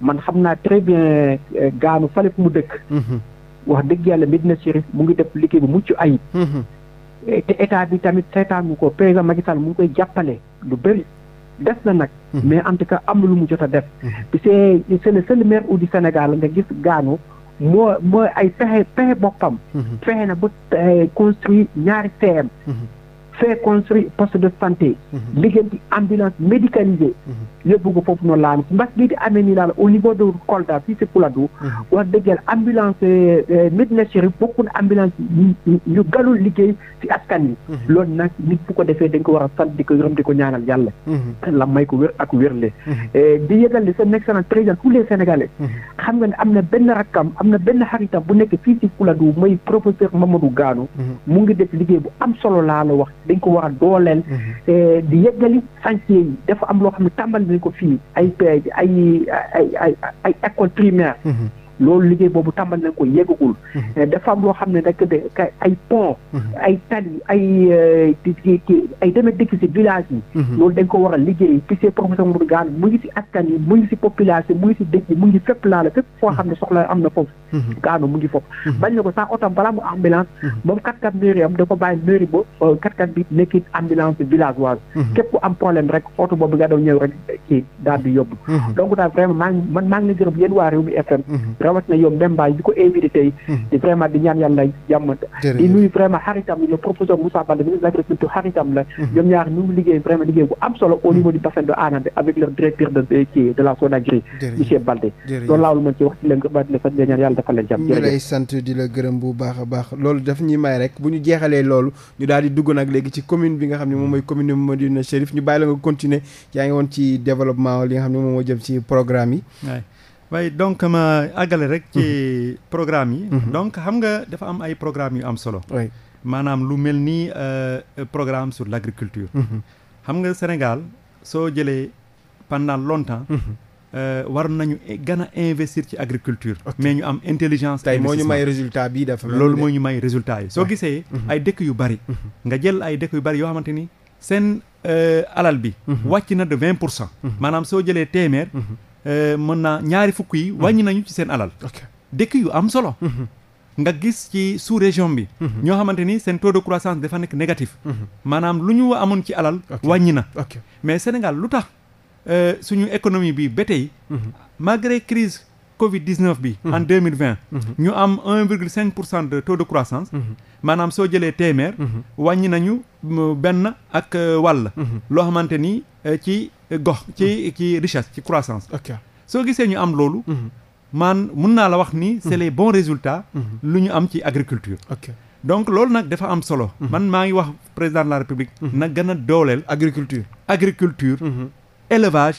man xam naa très bien euh, gaanu fale fu mu dëkk mhm. wax dëgg yàlla Médina Chérif mu ngi def liggéey bu mucc ay mhm. te état bi tamit seetaan seetaanu ko président Macky Sall mu koy jàppale lu bëri def na nag mhm. mais en tout cas am na lu mu jot a def bi c'est c'est le seul maire Sénégal nga gis gaanu moo moo ay pexe pexe boppam fexe na ba euh, construire ñaari CM fait construire poste de santé diggante mhm. ambulance médicalisée mhm. yóbbu ko foofu noonu laami si mbas bii di amee nii daal au niveau de Kolda fii si Fuladu mhm. wax dëgg yàlla ambulance euh, euh, Médina Chérif bokk na ambulance yu galul liggéey si askan yi loolu nag nit bu ko defee dañ ko war a sant di ko yërëm di ko ñaanal yàlla la may ko wér ak wérle euh, di yëgal ne seen excellence président tous les Sénégalais xam nga ne am na benn rakkam am na benn xaritam bu nekk fii si Fuladu mooy professeur Mamadou Gano bu am solo laa la dañ ko war a dooleel. Mhm. di yëggali chantier yi dafa am loo xam ne tàmbali nañ ko fii ay ay ay ay ay école primaire. Mhm. loolu liggéey boobu tambal na ko yeggagul. Mhm. Eh, dafa am loo xam ne nag de ay pont. Mhm. ay tali ay euh, ay demee dëkk si village yi. Mhm. loolu dañ ko war a liggéey ci seen mu ngi si yi mu ngi si population mu ngi mu ngi la fépp foo xam ne soxla am na foofu. Gane mu ngi foofu. ko sax oto balaa mu ambulance. moom kat kat mairie am da ko bàyyi ba kat euh, kat bi nekk ambulance villageoise. képp ku am problème rek oto boobu nga daw ñëw rek kii daal di yóbbu. donc daal vraiment man maa ngi leen gërëm yéen waa Rewmi FM. rawat na yow Mbembaay bi ko invité tey hmm. di ñaan yàlla jàmm di nuyu vraiment xaritam la hmm. ñoom ñaar ñu ngi liggéey vraiment liggéey bu am solo au hmm. niveau du bassin de avec leur directeur de kii de la Sonagri monsieur Baldé loolu laa mën ci wax ci leen ba di la sant di ñaan yàlla dafa leen di la gërëm bu baax a baax loolu daf ñuy may rek bu ñu jeexalee loolu ñu daal dugg nag léegi ci commune bi nga xam ne moom mooy commune Médina Chérif ñu bàyyi la nga continuer yaa ngi woon waaye donc ma àggale rek ci mhm. programme yi mhm. donc xam nga dafa am ay programme yu am solo maanaam lu mel ni euh, programme sur l'agriculture mhm. xam nga Sénégal soo jëlee pendant longtemps euh, war nañu e, gën a investir ci agriculture mais ñu am intelligence tey moo ñu may résultat bi dafa loolu moo ñu may résultat yi soo gisee ay dëkk yu bari nga jël ay dëkk yu bari yoo xamante ni seen euh, alal bi wàcc na de vingt pour cent maanaam soo jëlee téeméer Euh, mën na ñaari fukk yi mhm. wàññi nañu ci seen alal dëkk yu am solo mhm. nga gis ci su région bi mhm. ñoo xamante ni seen taux de croissance dafa nekk négatif maanaam lu ñu amoon ci alal wàññi na mais Sénégal lu tax euh, suñu économie bi ba tey malgré crise covid 19 bi en 2020 ñu am 1,5 pour cent de taux de croissance maanaam soo jëlee téeméer wàññi nañu euh, benn ak wàll loo xamante ni Euh, ci gox ci mm-hmm. ci richesse ci croissance soo gisee ñu am loolu mm-hmm. man mun naa la wax ni c'est mm-hmm. les bons résultats lu ñu am ci agriculture donc loolu nag dafa am solo man maa ngi wax président de la république na gën a dooleel agriculture agriculture élevage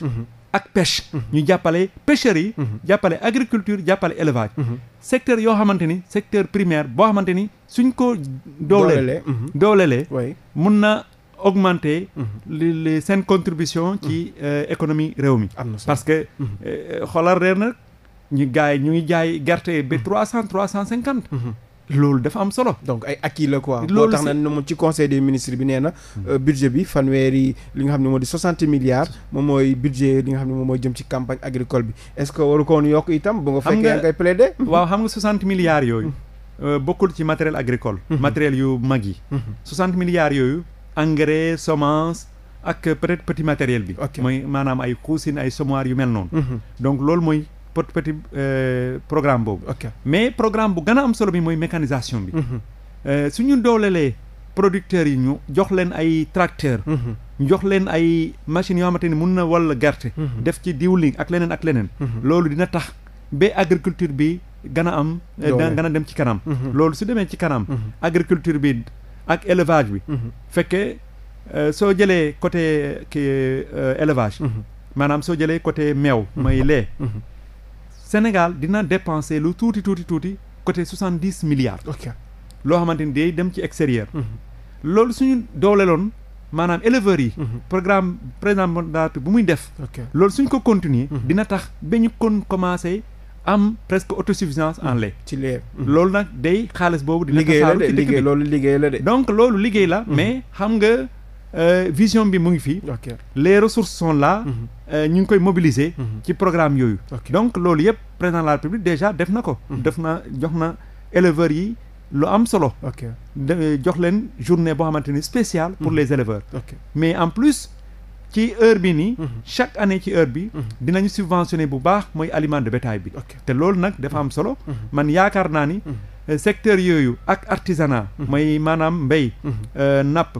ak pêche ñu jàppale pêcheurs yi jàppale agriculture jàppale élevage secteur yoo xamante ni secteur primaire boo xamante ni suñ ko doolee doolelee mun na augmenter mhm. li seen contribution mhm. ci euh, économie réew mi parce que mhm. euh, xoolal reer nag ñu gaay ñu ngi jaay gerte ba trois cent trois cent cinquante loolu dafa am solo. donc ay acquis ko quoi. loolu moo tax na moom ci conseil des ministres bi nee na. Euh, budget bi fanweeri li nga xam ne moo di soixante milliards. moom mooy budget li nga xam ne moom mooy jëm ci campagne agricole bi est-ce que waru ko woon yokk itam. bu nga fekkee yaa ngi koy plaider. waaw xam nga milliards yooyu. bokkul ci matériel agricole. matériel yu mag yi. milliards yooyu engrais semence ak peut-être petit matériel bi. ok mooy maanaam ay xuusin ay semoir yu mel noonu. Mhm. donc loolu mooy pot petit euh, programme boobu. ok mais programme bu gën a am solo bi mooy mécanisation bi. Mhm. Euh, suñu ñu doolelee producteurs yi ñu jox leen ay tracteurs. Mhm. ñu jox leen ay machines yoo xamante ni mun na wal gerte. def ci diwlin ak leneen ak leneen. loolu dina tax ba agriculture bi. gën a am euh, gën a dem ci kanam loolu si demee ci kanam agriculture bi ak élevage bi. Mhm. fekkee euh, soo jëlee côté kii euh, élevage. Mhm. maanaam soo jëlee côté meew. may mhm. lait. Sénégal dina dépenser lu tuuti tuuti tuuti côté soixante dix milliards. ok loo xamante ni day dem ci extérieur. loolu suñu dooleeloon maanaam éleveurs yi. programme président bu muy def. loolu suñ ko continuer dina tax ba kon commencé. am presque autosuffisance en lait. ci lait mm-hmm. loolu nag dey xaalis boobu. di nekk saaru liggéey loolu liggéey la de. donc loolu liggéey la mm-hmm. mais xam nga. Euh, vision bi mu ngi fii les ressources sont la mm-hmm. euh, ñu ngi koy mobiliser ci programme yooyu okay. donc loolu yëpp président la République déjà def na ko def na jox na éleveurs yi lu am solo jox leen journée boo xamante ni spéciale pour les éleveurs mais en plus ci heure bi nii. Mhm. chaque année ci heure bi. Mhm. dinañu subventionné bu baax mooy aliment de bétail bi. te loolu nag dafa am solo. Mhm. man yaakaar naa ni. Euh, secteur yooyu ak artisanat. mooy maanaam mbéy. Euh, napp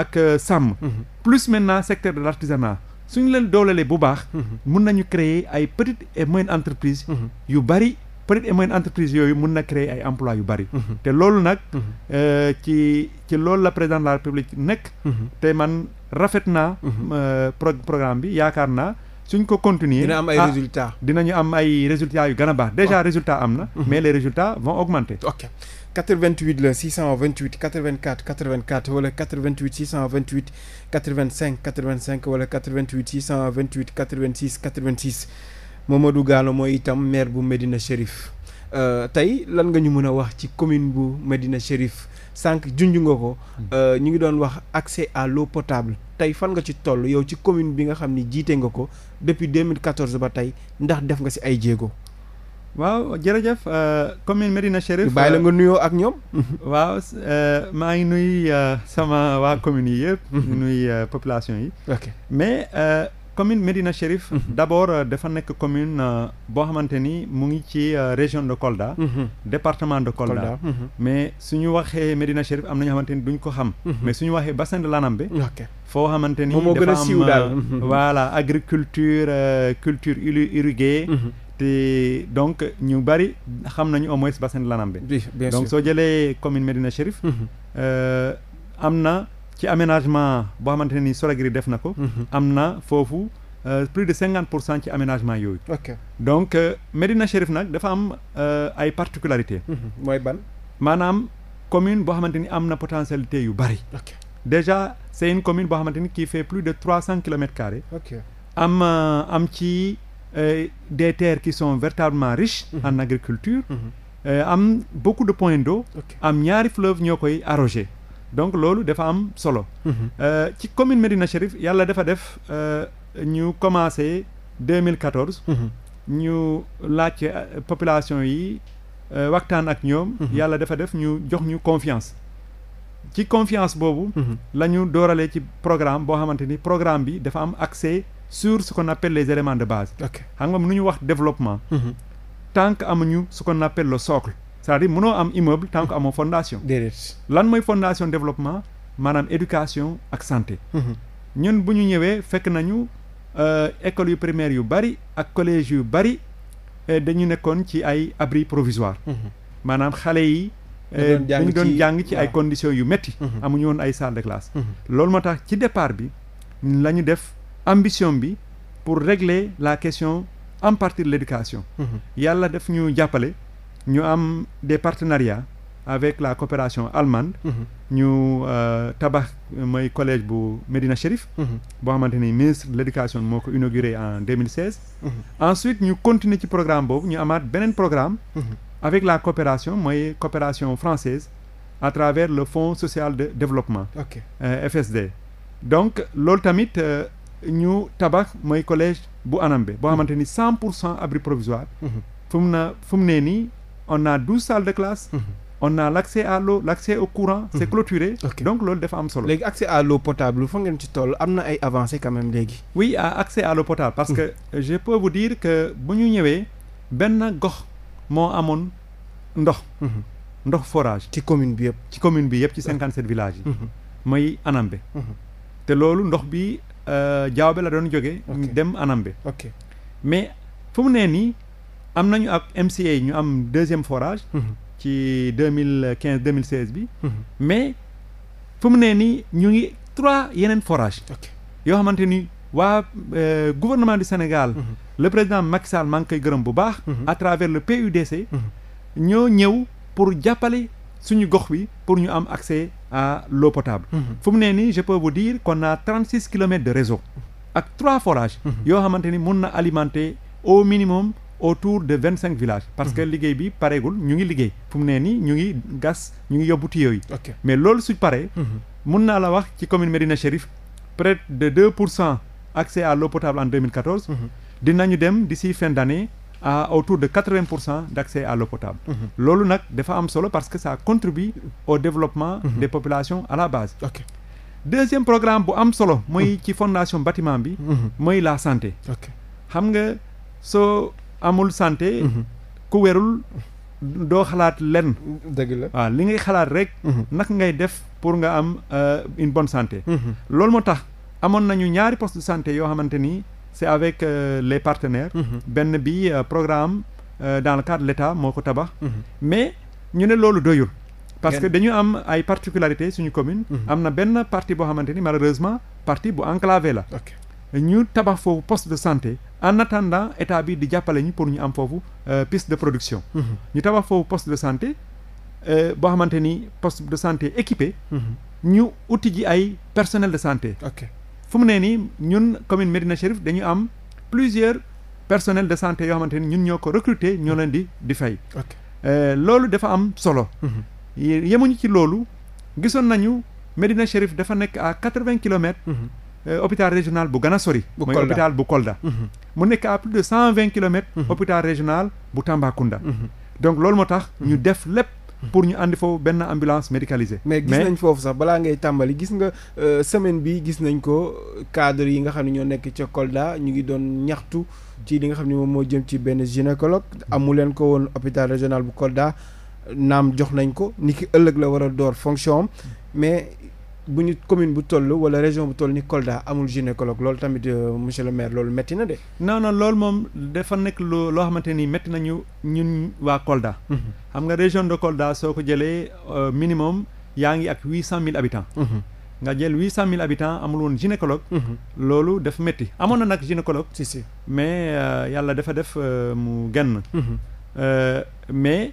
ak euh, sàmm. plus maintenant secteur de l' suñ leen doolelee bu baax. mun nañu créer ay petites et moyennes entreprises. yu bari. petites et moyennes entreprises yooyu mun na créer ay emplois yu bari. Mhm. te loolu nag. Mhm. Euh, ci ci loolu la président de la république nekk. Mhm. te man rafet naa. Euh, programme bi yaakaar naa. suñ ko continuer dina am ay ah, résultats dinañu am ay résultats yu gën a baax déjà résultat am na. mais les résultats vont augmenter. ok 88 la 628 84 84 wala 88 628 85 85 wala 88 628 86 86. du Gallo mooy itam maire bu Medina Chérif euh, tey lan nga ñu mën a wax ci commune bu Medina Chérif sànq junj nga ko hmm. euh, ñu ngi doon wax accès à l'eau potable tey fan nga ci toll yow ci commune bi nga xam ni jiite nga ko depuis mille 2014 ba tey ndax def nga si ay jéego. waaw jërëjëf euh, commune Medina Chérif. bàyyi la nga nuyoo ak ñoom. waaw maa ngi nuy sama waa communes yi yëpp. Hmm. nuy population yi. ok mais. commune Médina Chérif. Mhm. d' abord euh, dafa nekk commune euh, boo xamante ni mu ngi ci euh, région de Kolda. Mhm. département de Kolda. Mhm. mais suñu waxee Médina Chérif am na ñoo xamante ni duñ ko xam. mais suñu waxee bassin de Lanambe. foo xamante ni dafa am voilà agriculture culture irriguée. te donc ñu bari xam nañu au moins bassin de Lanambe. donc soo jëlee commune Médina Chérif. am na. ci aménagement boo xamante ne ni Solagri def na ko. Mhm. am na foofu euh, plus de cinquante pour cent ci aménagement yooyu. ok donc euh, Medina Chérif nag dafa am euh, ay particularités. Mhm. mooy ban. maanaam commune boo xamante ni am na potentialité yu bari. ok déjà c'est une commune boo xamante ni qui fait plus de trois cent kilomètres carrés. ok am am ci des terres qui sont véritablement riches. Mhm. en agriculture. am beaucoup de point d'eau. am ñaari fleuve ñoo koy arrosé. donc loolu dafa am solo. Mhm. Euh, ci commune Médina Chérif yàlla dafa def euh, ñu commencé 2014. Mhm. ñu laaj euh, population yi waxtaan ak ñoom. Mhm. yàlla dafa def ñu jox ñu confiance. ci confiance boobu. la ñu dooralee ci programme boo xamante ni programme bi dafa am accès sur ce qu'on appelle les éléments de base. ok xam nu mënuñu wax développement. tant que amuñu ce qu'on appelle le socle. c'est-à-dire mënoo am immeuble tant que amoo fondation. déedéet lan mooy fondation développement maanaam éducation ak santé. Mhm. ñun bu ñu ñëwee fekk nañu euh, école yu primaire yu bari ak collège yu bari euh, dañu nekkoon ci ay abri provisoire. Mhm. maanaam xale yi. dañu euh, doon jàng ci ay conditions yu métti. Mhm. amuñu woon ay salle de classe. loolu moo tax ci départ bi lañu ñu def ambition bi pour régler la question en partie de l'éducation. yàlla daf ñu jàppale. ñu am des partenariats avec la coopération allemande. Mhm. ñu euh, tabax mooy collège bu Medina Chérif. Mhm. boo xamante ni ministre de l' éducation moo ko inauguré en 2016. Mhm. ñu continuer ci programme boobu ñu amaat beneen programme. avec la coopération mooy coopération française à travers le fonds social de développement. ok euh, FSD. donc loolu tamit euh, ñu tabax mooy collège bu Anambé boo xamante ni 100 pour cent abri provisoire. fu nee nii. on na douze salles de classe. Mhm. on a l' accès à l'eau l' courant. c' est mhm. clôturé. donc loolu dafa am solo. léegi accès à l'eau potable foog ngeen ci toll am na ay avancées quand léegi. oui à accès à l'eau potable. parce que mhm. je peux vous dire que bu ñu ñëwee benn gox moo amoon ndox. ndox forage. ci commune bi yëpp. ci commune bi yëpp ci cinquante sept villages yi. mooy Anambé. te loolu ndox bi Diaobé euh, la doon jógee. dem Anambé. mais fu mu am nañu ak MCA ñu am deuxième forage. Mm-hmm. ci deux mille quinze deux mille seize bi. Mm-hmm. mais fu mu nee nii ñu ngi trois yeneen forage yoo xamante ni waa euh, gouvernement du Sénégal. Mm-hmm. le président Macky Sall maa ngi koy gërëm bu baax. a travers le PUDC. ñoo ñëw pour jàppale suñu gox bi pour ñu am accès à l'eau potable. fu mu nee nii je peux vous dire qu'on a trente kilomètres de réseau. ak trois forages. yoo xamante ni mun na alimenter au minimum. autour de vingt cinq villages parce que mhm. liggéey bi pareegul ñu ngi liggéey fu mu nee nii ñu ngi gas ñu ngi yóbbu tuyaux yi mais loolu suñ paree mhm. mun na la wax ci commune Médina Chérif près de deux pour cent accès à l'eau potable en 2014 mhm. dinañu dem d'ici fin d'année à autour de quatre pour cent d'accès à l'eau potable loolu nag dafa am solo parce que ça contribue au développement des populations à la base okay. deuxième programme bu am solo mooy ci fondation bâtiment bi mooy la santé xam nga amul santé. Mhm. ku werul doo xalaat lenn. dëgg la waaw li ngay xalaat rek. Mhm. naka ngay def pour nga am euh, une bonne santé. Mhm. loolu moo tax amoon nañu ñaari post de santé yoo xamante ni c'est avec euh, les partenaires. benn bi euh, programme dans le cadre de moo ko tabax. mais ñu ne loolu doyul. parce que dañu am ay particularités suñu commune. am na benn parti boo xamante ni malheureusement parti bu enclavé la. ñu tabax foofu poste de santé en attendant état bi di jàppale ñu pour ñu am foofu euh, piste de production. Mm-hmm. ñu tabax foofu poste de santé euh, boo xamante ni poste de santé équipé. Mm-hmm. ñu uti ji ay personnel de sante ok fu mu nee nii ñun commune Médina Chérif dañu am plusieurs personnel de santé yoo xamante ni ñun ñoo ko recruter ñoo leen di di fay. Euh, loolu dafa am solo. Mm-hmm. yemuñu ci loolu gisoon nañu Médina Chérif dafa nekk à quatre-vingts kilomètres. Euh, hôpital régional bu gën a sori. bu Kolda bu mhm. Kolda. mu nekk à plus de cent vingt kilomètres. Mhm. hôpital régional bu Tambacounda. Mhm. donc loolu moo tax ñu def lépp. pour ñu àndi foofu benn ambulance médicalisée. mais gis nañ foofu sax balaa ngay tàmbali gis nga euh, semaine bi gis nañ ko euh, cadre yi nga xam ne ñoo nekk ca Kolda ñu ngi doon ñaxtu ci li nga xam ne moom moo jëm ci benn gynécologue amu leen ko woon hôpital régional bu Kolda naam jox nañ ko ni ki ëllëg la war a door fonction mais. bu ñu commune bu toll wala région bu toll ni Kolda amul gynécologue loolu tamit euh, monsieur le maire loolu métti na de. non non loolu moom dafa nekk loo loo xamante ni métti nañu ñun waa Kolda. Mhm. xam nga région de Kolda soo ko jëlee euh, minimum yaa ngi ak huit cent mille habitants. Mhm. nga jël huit cent mille habitants amul woon gynécologue. Mhm. loolu daf métti amoon nag gynécologue. si si mais euh, yàlla dafa def mu genn. mais.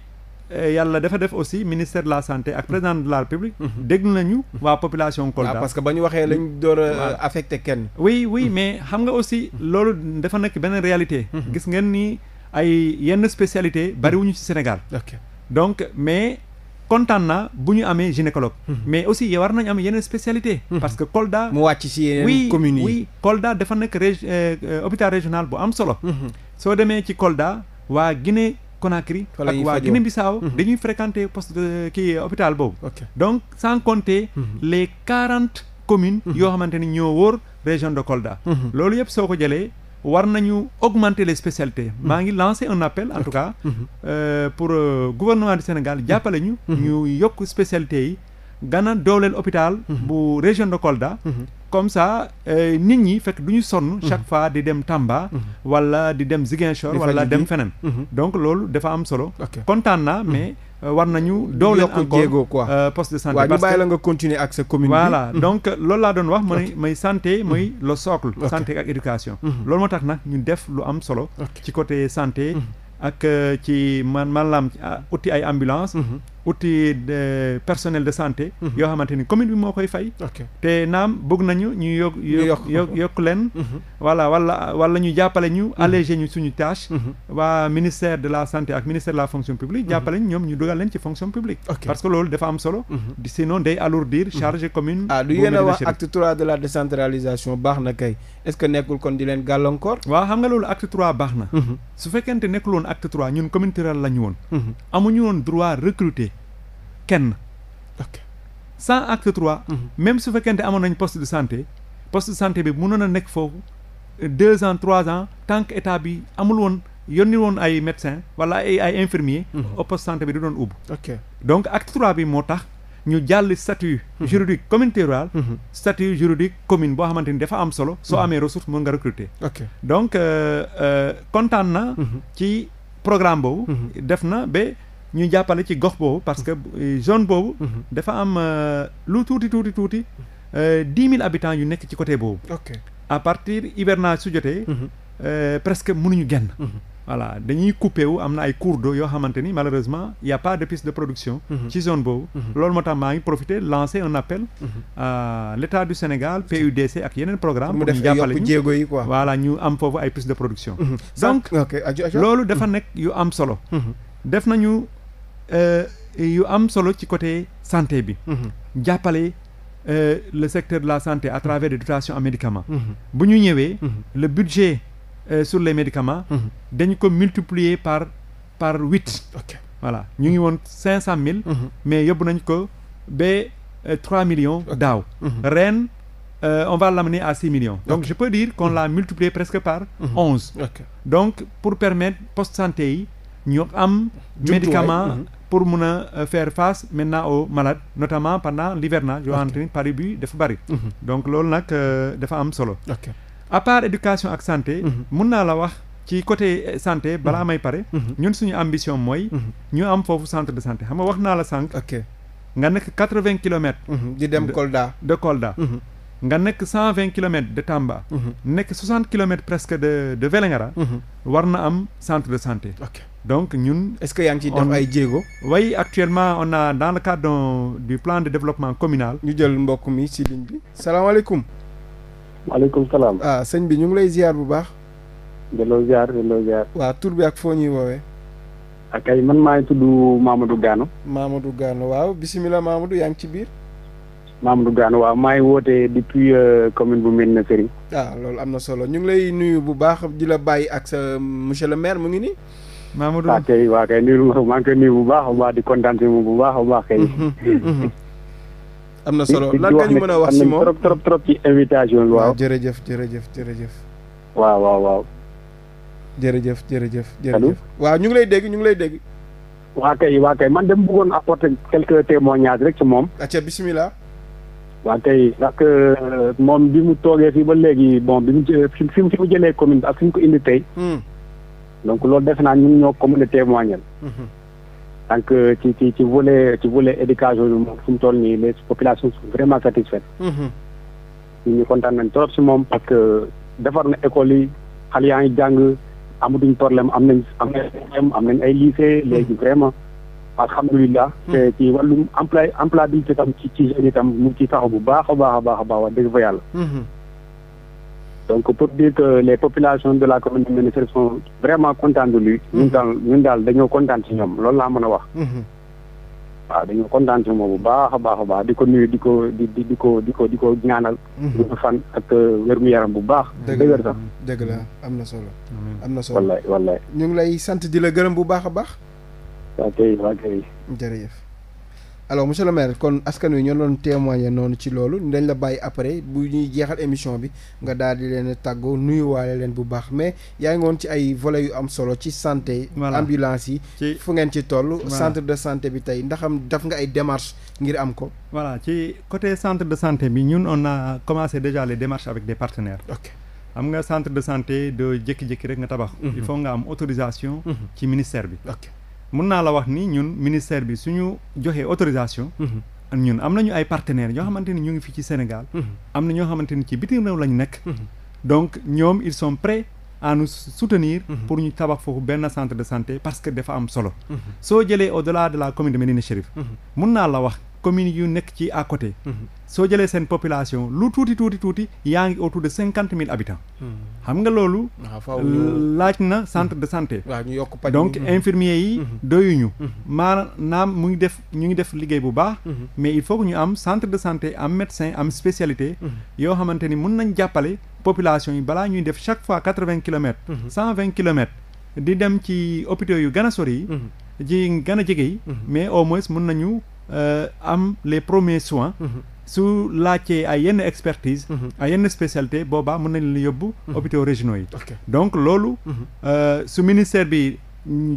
Euh, yàlla dafa def aussi ministère de la santé ak président de la république. Mm-hmm. Mm-hmm. dégg nañu waa population Kolda. waaw ah, parce que ba ñu waxee lañ door a affecté kenn. oui oui mm-hmm. mais xam nga aussi loolu defa nekk benn réalité. gis ngeen nii ay yenn spécialité bariwuñu ci Sénégal. donc mais kontaan na bu ñu amee gynécologue. mais aussi war nañu am yeneen spécialité. parce que Kolda. mu wàcc ci yeneen communes yi oui oui Kolda dafa nekk régi euh, euh, hôpital régional bu am solo. soo demee ci Kolda waa Guinée. Conakry ak waa Guinée Bissau mhm. dañuy fréquenter poste kii hôpital boobu donc sans compter mhm. les quarante communes mhm. yoo xamante ni ñoo woor région de Kolda loolu yëpp soo ko jëlee war nañu augmenter les spécialités maa ngi lancer un appel en tout cas euh, pour euh, gouvernement de Sénégal jàppale ñu ñu yokk spécialités yi gana dooleel hôpital bu région de Kolda comme ça euh, nit ñi fekk du ñu sonn. Mhm. chaque fois di dem Tamba. Mhm. wala di dem Ziguinchor. wala dem feneen. Mhm. donc loolu dafa am solo. kontaan naa mais. Euh, war nañu doole encore jéego quoi euh, poste de santé waaw ñu la nga continuer ak sa commune voilà donc loolu laa doon wax ma may santé mooy le socle santé ak éducation loolu moo tax ñu def lu am solo ci côté santé ak ci man maanaam ah, uti ay ambulance uti euh, personnel de santé. Mhm. yoo xamante ni commune bi moo koy fay. te naam bëgg nañu ñu yokk leen. Mhm. voilà wala ñu jàppale ñu. Mhm. alléger ñu suñu tâche. waa ministère de la santé ak ministère de la fonction publique. jàppale ñu ñoom ñu dugal leen ci fonction publique. parce que loolu dafa solo. sinon day alourdir charge commune. ah du yéen a acte trois de la décentralisation baax na kay est que nekkul kon di leen gàllankoor. waaw xam nga loolu acte trois kenn. ok sans acte trois. Mhm. même su fekkente amoon nañ poste de santé poste de santé bi mënoon a nekk foofu deux ans trois ans tant que état bi amul woon yónni woon ay médecins wala ay ay infirmiers. Mhm. au santé bi du doon ubbi. ok donc acte trois bi moo tax. ñu jàll statut mhm. juridique communauté rurale statut juridique commune boo xamante ni dafa am solo soo amee ressource mën nga recruter donc euh, euh, kontaan na ci programme boobu def na ñu jàppale ci gox boobu parce que eh, zone boobu. Mhm. dafa am euh, lu tuuti tuuti tuuti euh, dix mille habitants yu nekk ci côté boobu. ok à partir hivernage su jotee. Mhm. Euh, presque mënuñu genn. Mhm. voilà dañuy coupé wu am na ay cours d'eau yoo xamante ni malheureusement ya a pas de piste de production. ci zone boobu. loolu moo tax maa ngi profité lancer un appel. à l'état du Sénégal PUDC ak yeneen programme. mu def jàppale ñu jéego yi quoi. am foofu ay piste de production. donc loolu dafa nekk yu am solo. def nañu. Euh, yu am solo ci côté santé bi mhm. jàppale euh, le secteur de la santé à travers des dotations en médicaments mhm. bu ñu ñëwee mhm. le budget euh, sur les médicaments dañu ko multiplier par par huit voilà ñu ngi woon cinq cent mille mais yóbbu nañ ko ba trois millions daaw ren on va l'amener à six millions donc okay. je peux dire qu'on l'a multiplié presque par onze mm -hmm. donc pour permettre poste santé yi ñu am médicament mhm. pour mun a euh, fair face maintenant aux malades notamment pendant l'hivernage yoo xamante ni pari bi dafa bari mhm. donc loolu nag euh, dafa am solo à part éducation ak santé mhm. mun naa la wax ci côté euh, santé balaa may pare ñun suñu ambition mooy ñu am foofu centre de santé xam nga wax naa la sànq nga nekk quatre vingt kilomètres di dem Kolda de Kolda nga nekk cent vingt kilomètres de Tamba nekk soixante kilomètres presque de de Vélingara war na am centre de santé okay. donc ñun. est-ce que yaa ngi ciy def ay jéego. way actuellement on a dans le cadre du plan de développement communal. ñu jël mbokk mi ci ligne bi. salaamaaleykum. maaleykum salaam. ah sëñ bi ñu ngi lay ziar bu baax. delloo ziar delloo ziar. waaw tur bi ak foo ñuy woowe ak ah, ay man maa ngi tudd Mamadou Gano. du Gano waaw bisimilah Mamadou yaa ngi ci biir. du Gano waaw maa ngi wootee depuis euh, commune bu na Serigne. ah loolu am na solo ñu ngi lay nuyu bu baax di bàyyi ak monsieur le maire mu ngi nii. Mamadou waaw kay waaw kay nuyu maa ngi koy nuyu bu baax a baax di kontaan si moom bu baax a baax kay. Mhm, mhm, mhm. am na solo lan nga ñu mën a wax si moom trop trop trop ci invitation bi waaw. Ah, jërëjëf jërëjëf jërëjëf. waaw waaw waaw. jërëjëf jërëjëf. jërëjëf waaw ñu ngi lay dégg ñu ngi lay dégg. waa kay waa kay man dem bëggoon apporter quelques témoignages rek ci moom. acca bisimilah. waa kay ndax euh, moom bi mu toogee fii ba léegi bon bi mu jë fi mu fi mu jëlee commune ak fi mu ko indi tey. Hmm. donc loolu defe naa ñun ñoo ko mën a témoigner. donc mhm. ci ci ci volet ci volet éducation bi moom fu mu toll nii les populations sont vraiment satisfaites. ñun mhm. ñu kontaan nañ trop si moom parce que defar na école yi xale yaa ngi jàng amatuñ problème am nañ am nañ problème am nañ ay lycée mhm. léegi vraiment alhamdulilah. te ci wàllum emploi employabilité tam ci ci jeunes tam mu ci taxaw bu baax a baax a baax a baax wax dégg fa yàlla. donc pour dire que les populations de la commune de Ménéssène sont vraiment contents de lui. ñun mhm. daal ñun daal dañoo kontaan ci ñoom loolu laa mën a wax. Mhm. waaw dañoo kontaan ci moom bu baax a baax a baax di ko nuyu di ko di di ko di ko di ko ñaanal. gudd mhm. fan ak euh, wérgu yaram bu baax. dëgg la dëgg la am na solo. am na solo wallaay wallaay. ñu ngi lay sant di la gërëm bu baax a baax. waa kay waa kay. jërëjëf. alors monsieur le maire kon askan wi ñoo doon témoigner noonu ci loolu dañ la bàyyi après bu ñuy jeexal émission bi nga daal di leen tàggoo nuyuwaale leen bu baax mais yaa ngi woon ci ay volets yu am solo ci santé. Voilà. ambulance yi. ci fu ngeen ci toll. Voilà. centre de santé bi tey ndaxam daf nga ay démarche ngir am ko. voilà ci côté centre de santé bi ñun on a commencé déjà les démarches avec des partenaires. ok xam nga centre de santé de jékki-jékki rek nga tabax. Mhm. il faut nga am autorisation. Mhm. ci ministère bi. mën naa la wax ni ñun ministère bi suñu joxee autorisation. Mhm. ñun am nañu ay partenaires ñoo xamante ni ñu ngi fii ci Sénégal. Mhm. am na ñoo xamante ni ci bitim réew lañu nekk. Mhm. donc ñoom il sont prêts à nous soutenir. pour ñu tabax foofu benn centre de santé parce que dafa am solo. soo jëlee au delà de la commune de Médina Chérif. mën naa la wax communes yu nekk ci à côté. Mhm. soo jëlee seen population mhm. ah, na centre mhm. de santé. ñu yokk donc infirmiers yi. doyuñu. maanaam mu ngi def ñu ngi def liggéey bu baax. mais il faut que ñu am centre de santé am médecin am spécialité. yoo xamante ni mun nañ jàppale population yi balaa ñu def chaque fois quatre vingt kilomètres. cent vingt di dem ci hôpitaux yu a sori yi. ji gën a jege yi. mais mun nañu. Euh, am les premiers soins. Mhm. su laajtee ay yenn expertise mhm. ay yenn spécialité boobaa mën nañ la yóbbu mhm. hôpitaux régionaux yi donc loolu euh, su ministère bi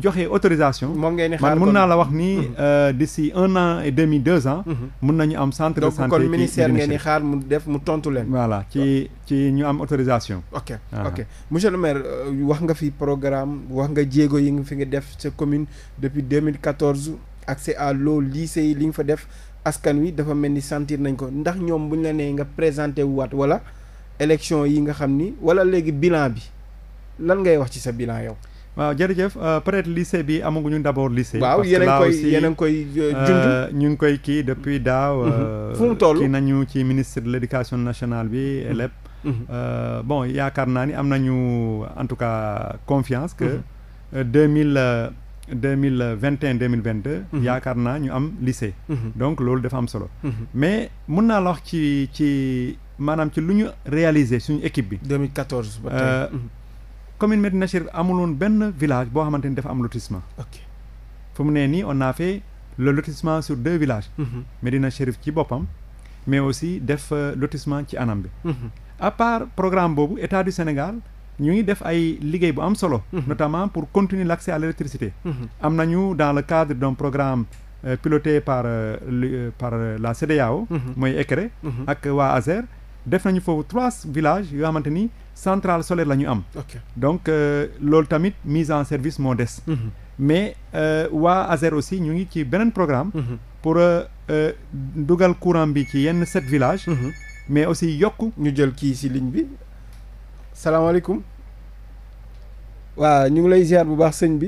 joxe autorisation moom ngay ne xaar man mën naa la wax nii ni euh, d'ici un an et demi deux ans mën nañu am centre de santé ministère ngeen di xaar mu def mu tontu leen voilà ci ci ñu am autorisation ok ok monsieur le maire wax nga fi programme wax nga jéego yi nga fi nga def sa commune depuis 2014 accès à l'eau lycée yi li ñu fa def askan wi dafa mel ni sentir nañ ko ndax ñoom buñ la nee nga présenté wu waat wala élection yi nga xam ni wala léegi bilan bi lan ngay wax ci sa bilan yow. waaw jërëjëf euh, peut-être lycée bi amaguñu d'abord lycée. waaw yéen a ngi koy yéen a ngi koy junj ñu ngi koy kii depuis daaw. Mhm. Euh, fu mu toll kii nañu ci ministre de l'éducation nationale bi élève. Mhm. Mhm. Euh, bon yaakaar naa ni am nañu en cas confiance que mille. deux mille vingt et un deux mille vingt deux. Mhm. yaakaar naa ñu am lycée. Mhm. donc loolu dafa am solo. Mhm. mais mun naa la wax ci ci maanaam ci lu ñu réaliser suñu équipe bi. 2014 ba euh, tey. commune Médina Chérif amuloon benn village boo xamante ni dafa am lotissement. ok fu mu nee nii on a fait le lotissement sur deux villages. Médina Chérif ci boppam. mais aussi def euh, lotissement ci anam bi. à part programme boobu état du Sénégal. ñu ngi def ay liggéey bu am solo. Mhm. notamment pour continuer l' accès à l' électricité. Mhm. am nañu dans le cadre d'un programme euh, piloté par euh, euh par euh, la CEDEAO. Mhm. mooy ECRE. ak waa ASER. def nañu foofu trois villages yoo xamante ni central solaire la ñu am. donc euh, loolu tamit mise en service moo des. mais waa ASER aussi ñu ngi ci beneen programme. pour dugal courant bi ci yenn sept villages. mais aussi yokku ñu jël ki si ligne bi salaamaaleykum. waa ñu ngi lay ziar bu baax sëñ bi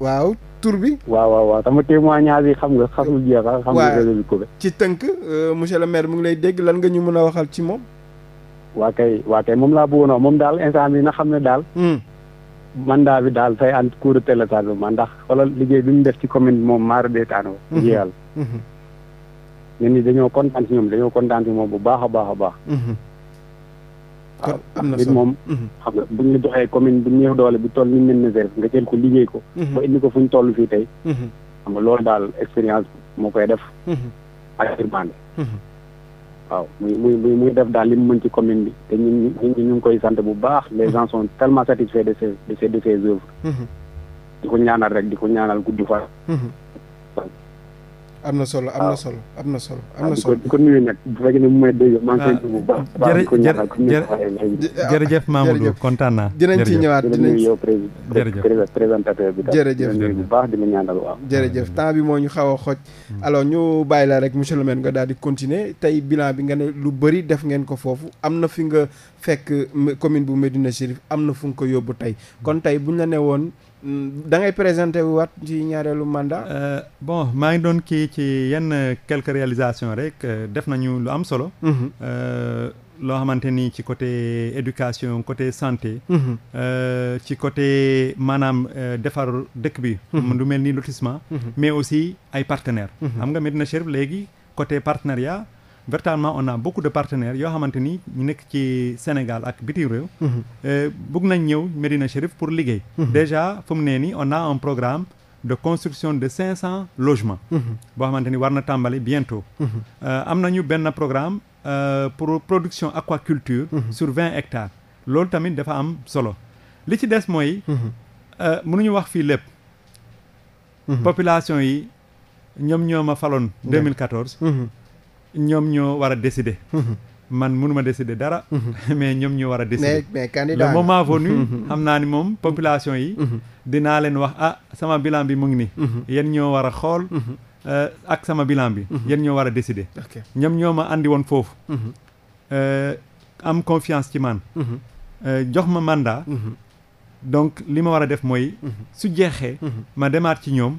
waaw tur bi. waaw waaw waaw sama ñaar yi xam nga xamul jeex ah, xam ko réseau ci tënk euh, monsieur le maire mu ngi lay dégg lan nga ñu mën a waxal ci moom. waa kay waa kay moom laa bëggoon moom daal instant bi na xam ne daal. Hmm. mandat bi daal tey ant cour de téléphone bi ma ndax xoolal liggéey bi mu def ci commune moom maar Deytaano. Hmm. di yàlla. Hmm. nit ñi dañoo kontaan ñoom dañoo kontaan ci moom bu baax a baax a baax. waaw nit moom mhm. xam nga buñ la joxee commune bu néew doole bu toll ni mel ne Nigéria nga jël ko liggéey ko mhm. ba indi ko fu ñu toll fii tey mhm. xam nga loolu daal expérience moo koy def ak yërmande waaw muy muy muy muy def daal li mu mën ci commune bi te ñun ñu ñu ngi koy sant bu baax les gens sont tellement satisfaits de ces de ces de ces œuvres di ko ñaanal rek di ko ñaanal gudd fan am na solo am na solo am na solo am na ah, solo. kon nuyu nag bu fekkee ne mu may dégg maa ngi koy déglu bu baax. jërëjëf Mamadou kontaan naa. dinañ ci ñëwaat dinañ ci yow présentateur bi. jërëjëf bu baax di la ñaanal waaw. jërëjëf temps bi moo ñu xaw a xoj. Hmm. alors ñu bàyyi la rek monsieur le maire nga daal di continuer tey bilan bi nga ne lu bëri def ngeen ko foofu am na fi nga fekk commune bu Médina Chérif am na fu nga ko yóbbu tey hmm. kon tey buñ la ne woon Mm, da ngay présenté waat ci ñaareelu mandat. Euh, bon maa ngi doon kii ci yenn quelques réalisations rek euh, def nañu lu am solo. Mm-hmm. Euh, loo xamante ni ci côté éducation côté santé. Mm-hmm. ci côté maanaam defar dëkk bi. lu mm-hmm. mel ni lotissement. mais aussi ay partenaires. am nga Medina Cherif léegi côté partenariat. véritablement on a beaucoup de partenaires yoo xamante ni ñu nekk ci Sénégal ak bitim réew. Mhm. Euh, bëgg nañ ñëw Medina Chérif pour liggéey. Mhm. déjà fu mu nee nii on a un programme de construction de 500 logements. Mhm. boo xamante ni war na tàmbali bientôt. Euh, am nañu benn programme euh, pour production aquaculture. sur 20 hectares. loolu tamit dafa am solo li ci des mooy. mënuñu wax fii lépp. population yi ñoom ñooma ma faloon. 2014. ñoom ñoo war a décider. Mhm. man mënuma décider dara. Mhm. mais ñoom ñoo war a décider. mais mais candidat le moment venu. Mhm. naa ni moom population yi. dinaa leen wax ah sama bilan bi mu ngi nii. yéen ñoo war a xool. Eh, ak sama bilan bi. yéen ñoo war a décider. ñoom ñoo ma andi woon foofu. Eh, am confiance ci man. Eh, jox ma mandat. donc li ma war a def mooy. su jeexee. ma demaat ci ñoom.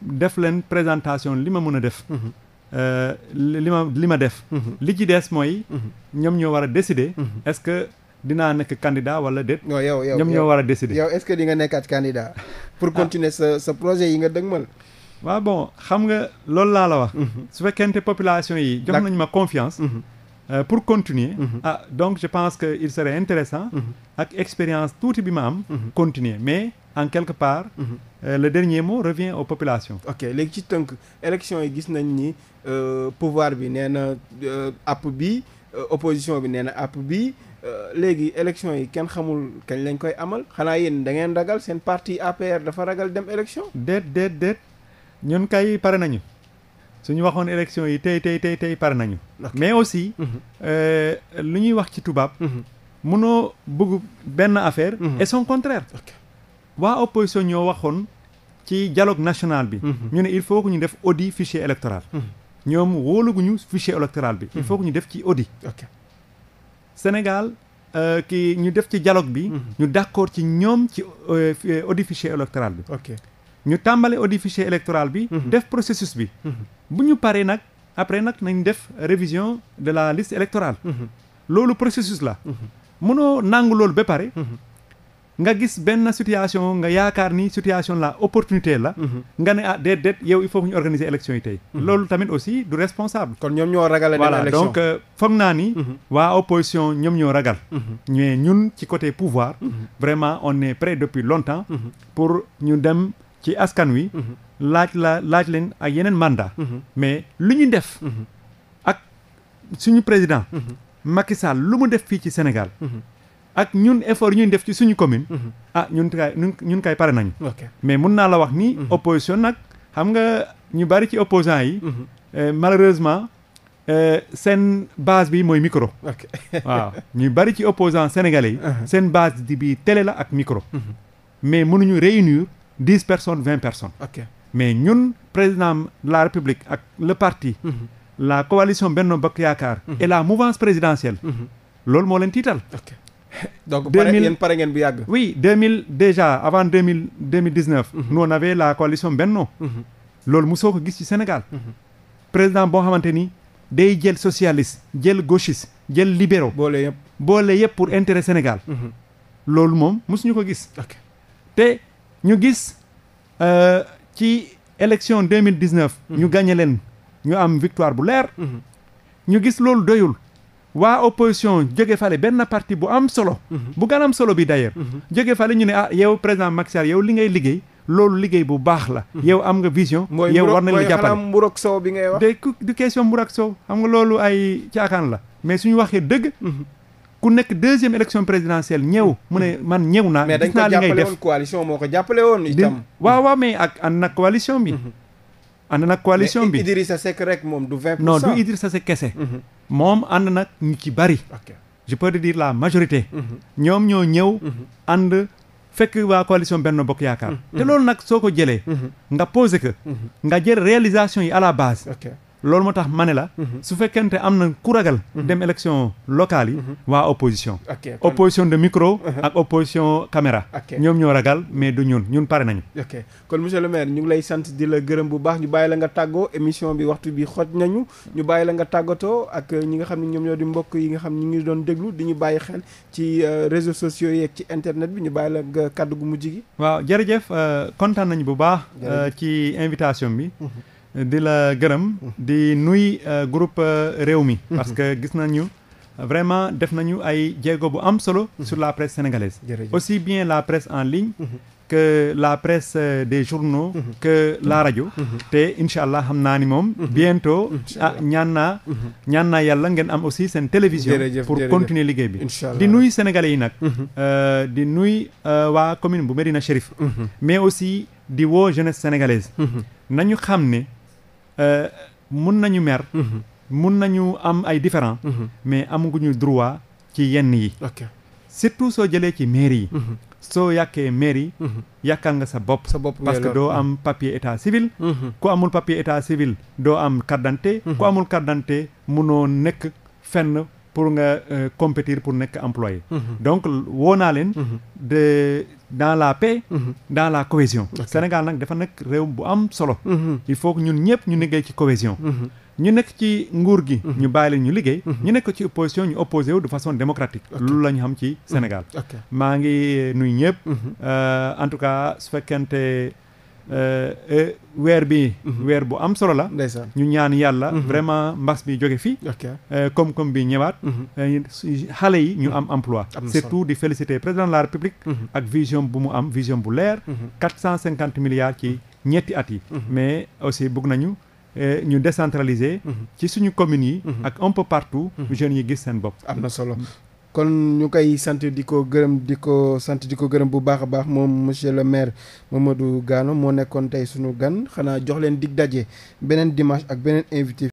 def leen présentation li ma mën a def. Euh, li ma li ma def. Mhm. li ci des mooy. Mhm. ñoom ñoo war a décider. Mhm. est-ce que dinaa nekk candidat wala déet. non yow yow ñoom ñoo war a décider. yow est-ce que di nga nekkaat candidat. pour ah. continuer sa sa projet yi nga dëgmal. waaw bon xam nga loolu laa la wax. su fekkente population yi. jox nañu ma confiance. Euh, pour continuer. ah donc je pense que il serait intéressant. ak expérience tuuti bi ma am. continuer mais. en quelque part. Mhm. Euh, le dernier mot revient aux populations. ok léegi ci tënk élection yi gis nañ ni euh, pouvoir bi nee na euh, app bi opposition bi nee na app bi léegi élection yi kenn xamul kañ lañ koy amal xanaa yéen da ngeen ragal seen parti APR dafa ragal dem élection. déet déet déet ñun kay pare nañu suñu waxoon élection yi tey tey tey tey pare nañu. mais aussi. Mhm. lu ñuy wax ci tubaab. mënoo mhm. bëgg benn affaire. et son contraire. waa opposition ñoo waxoon ci jaloog national bi. Mhm. ñu ne il faut que ñu def audi ficier électoral. Mhm. ñoom wóolaguñu fichier électoral bi. il mhm. faut que ñu def ci audit. ok Sénégal euh, ki ñu def ci dialogue bi. ñu d'accord ci ñoom ci euh, audit fichier électoral bi. ok ñu tàmbale audit fichier électoral bi. def processus bi. bu ñu paree nag après nag nañ def révision de la liste électorale. loolu processus la. mënoo nangu loolu ba pare. nga gis benn situation nga yaakaar ni situation la opportunité la. Mhm. nga ne ah déet déet yow il faut ñu organiser élection yi tey. Mhm. loolu tamit aussi du responsable. kon ñoom ñoo ragal voilà donc euh, foog naa ni. Mhm. waa opposition ñoom ñoo ragal. mais ñun ci côté pouvoir. vraiment on est prêt depuis longtemps. pour ñu dem ci askan wi. laaj la laaj leen ak yeneen mandat mais lu ñu def. ak suñu président. Macky Sall lu mu def fii ci Sénégal. ak ñun effort ñun def ci suñu commune. Mhm. ah ñun kay ñun kay pare nañu. mais mun naa la wax ni. Mhm. opposition nag xam nga ñu bari ci opposants yi. Mhm. Eh, malheureusement eh, seen base bi mooy micro. waaw ñu bari ci opposants sénégalais yi. seen base bi tele la ak micro. mais mënuñu réunir dix personnes vingt personnes. mais ñun président la république ak le parti. la coalition Benno Bokk Yaakaar. et la mouvance présidentielle. loolu moo leen tiital. donc pare yéen pare ngeen bu yàgg. oui deux mille déjà avant deux mille deux mille dix neuf. Mhm. nous on avait la coalition Benno. Mhm. loolu mosoo ko gis ci senegal mhm. président boo xamante ni day jël socialiste jël gauchiste jël libéraux. boole yëpp boole yëpp pour intérêt Sénégal. loolu moom mosuñu ko gis. te ñu gis euh, ci élection deux mille dix neuf. ñu gagné leen ñu am victoire bu leer. ñu gis loolu doyul. waa opposition jóge fale benn parti bu am solo. Mhm. bu gën a solo bi d'ailleurs. Mhm. jóge fale ñu ne ah yow président Macky Sall yow li ngay liggéey. loolu liggéey bu baax la. Mhm. yow am nga vision. yow war nañ la jàppale mooy mburu ak bi ngay wax. de du question mburu ak soow xam loolu ay caakaan la mais suñu waxee dëgg. ku nekk deuxième élection présidentielle ñëw mu ne man ñëw naa. gis naa li ngay ko jàppale woon moo ko jàppale woon itam. waaw waaw mais ak ànd nag coalition bi. ànd nag coalition bi mais Idrissa Seck rek moom du 20 pour cent non du Idrissa Seck kese. Mhm. moom ànd nag ñu ci bari. je peux dire la majorité. Mhm. ñoom ñoo ñëw. Mhm. ànd fekk waa coalition benn Bokk Yaakaar. te loolu nag soo ko jëlee. nga posé que. nga jël réalisation yi à la base. Okay. loolu moo tax ma ne la. Mhm. su fekkente am na ku ragal. Mhm. dem élection locale yi. Mhm. waa opposition. opposition de micro. Uh-huh. ak opposition caméra. ñoom ñoo ragal mais du ñun ñun pare nañu. kon monsieur le maire ñu ngi lay sant di la gërëm bu baax ñu bàyyi la nga tàggoo émission bi waxtu bi xoj nañu. ñu bàyyi la nga tàggatoo ak euh, ñi nga xam ne ñoom ñoo di mbokk yi nga xam ñu ngi doon déglu di ñu bàyyi xel ci euh, réseau sociaux yeeg ci internet bi ñu bàyyi la nga kàddu gu mujj gi. waaw jërëjëf euh, kontaan nañu bu baax. ci invitation bi. di la gërëm. di nuy euh, group euh, réew mi. Mhm. parce que gis nañu vraiment def nañu ay jéego bu am solo. Mhm. sur la presse sénégalaise. aussi bien la presse en ligne. Mhm. que la presse euh, des journaux. que la rajo. te incha allah xam naa ni moom. bientôt ah ñaan naa. ñaan naa yàlla ngeen am aussi seen télévision. pour continuer liggéey bi. di nuy sénégalais yi nag. di nuy waa commune bu Medina Chérif. mais aussi di woo jeunesse sénégalaise. nañu xam ne. Euh, mun nañu mer. Mhm. mun nañu am ay différends. Mhm. mais amaguñu droit ci yenn yi. surtout soo jëlee ci mairie yi. Mhm. soo yàqee mairie. yàqal nga sa bopp. sa bopp parce que doo am papier état civil. ku amul papier état civil doo am carte d'identité. ku amul carte d'identité munoo nekk fenn. pour nga euh, compétir pour nekk employé mm-hmm. donc woo naa leen mm-hmm. de dans la paix mm-hmm. dans la cohésion Sénégal nag dafa nekk réew bu am solo il faut que ñun ñëpp ñu liggéey ci cohésion ñu nekk ci nguur gi ñu bàyyi leen ñu liggéey ñu nekk ci opposition ñu opposé de façon démocratique loolu la ñu ci Sénégal maa ngi euh, nuyu ñëpp euh, en tout cas fekkente Euh, weer bi mhm. weer bu am solo la ñu ñaan yàlla mhm. vraiment mbas bi jóge fii euh, koom-koom bi ñëwaat mhm. euh, xale yi ñu am emploi surtout di féliciter président la république ak vision bu mu am vision bu leer quatre cent cinquante milliards ci ñetti at yi mais aussi bëgg nañu ñu décentraliser. ci suñu communes yi. ak un peu partout. jeunes yi gis seen bopp. am na solo kon ñu koy sant di ko gërëm di ko sant di ko gërëm bu baax a baax moom monsieur le maire Mamadou Gano moo nekkoon tey suñu gan xanaa jox leen dig daje beneen dimanche ak beneen invité.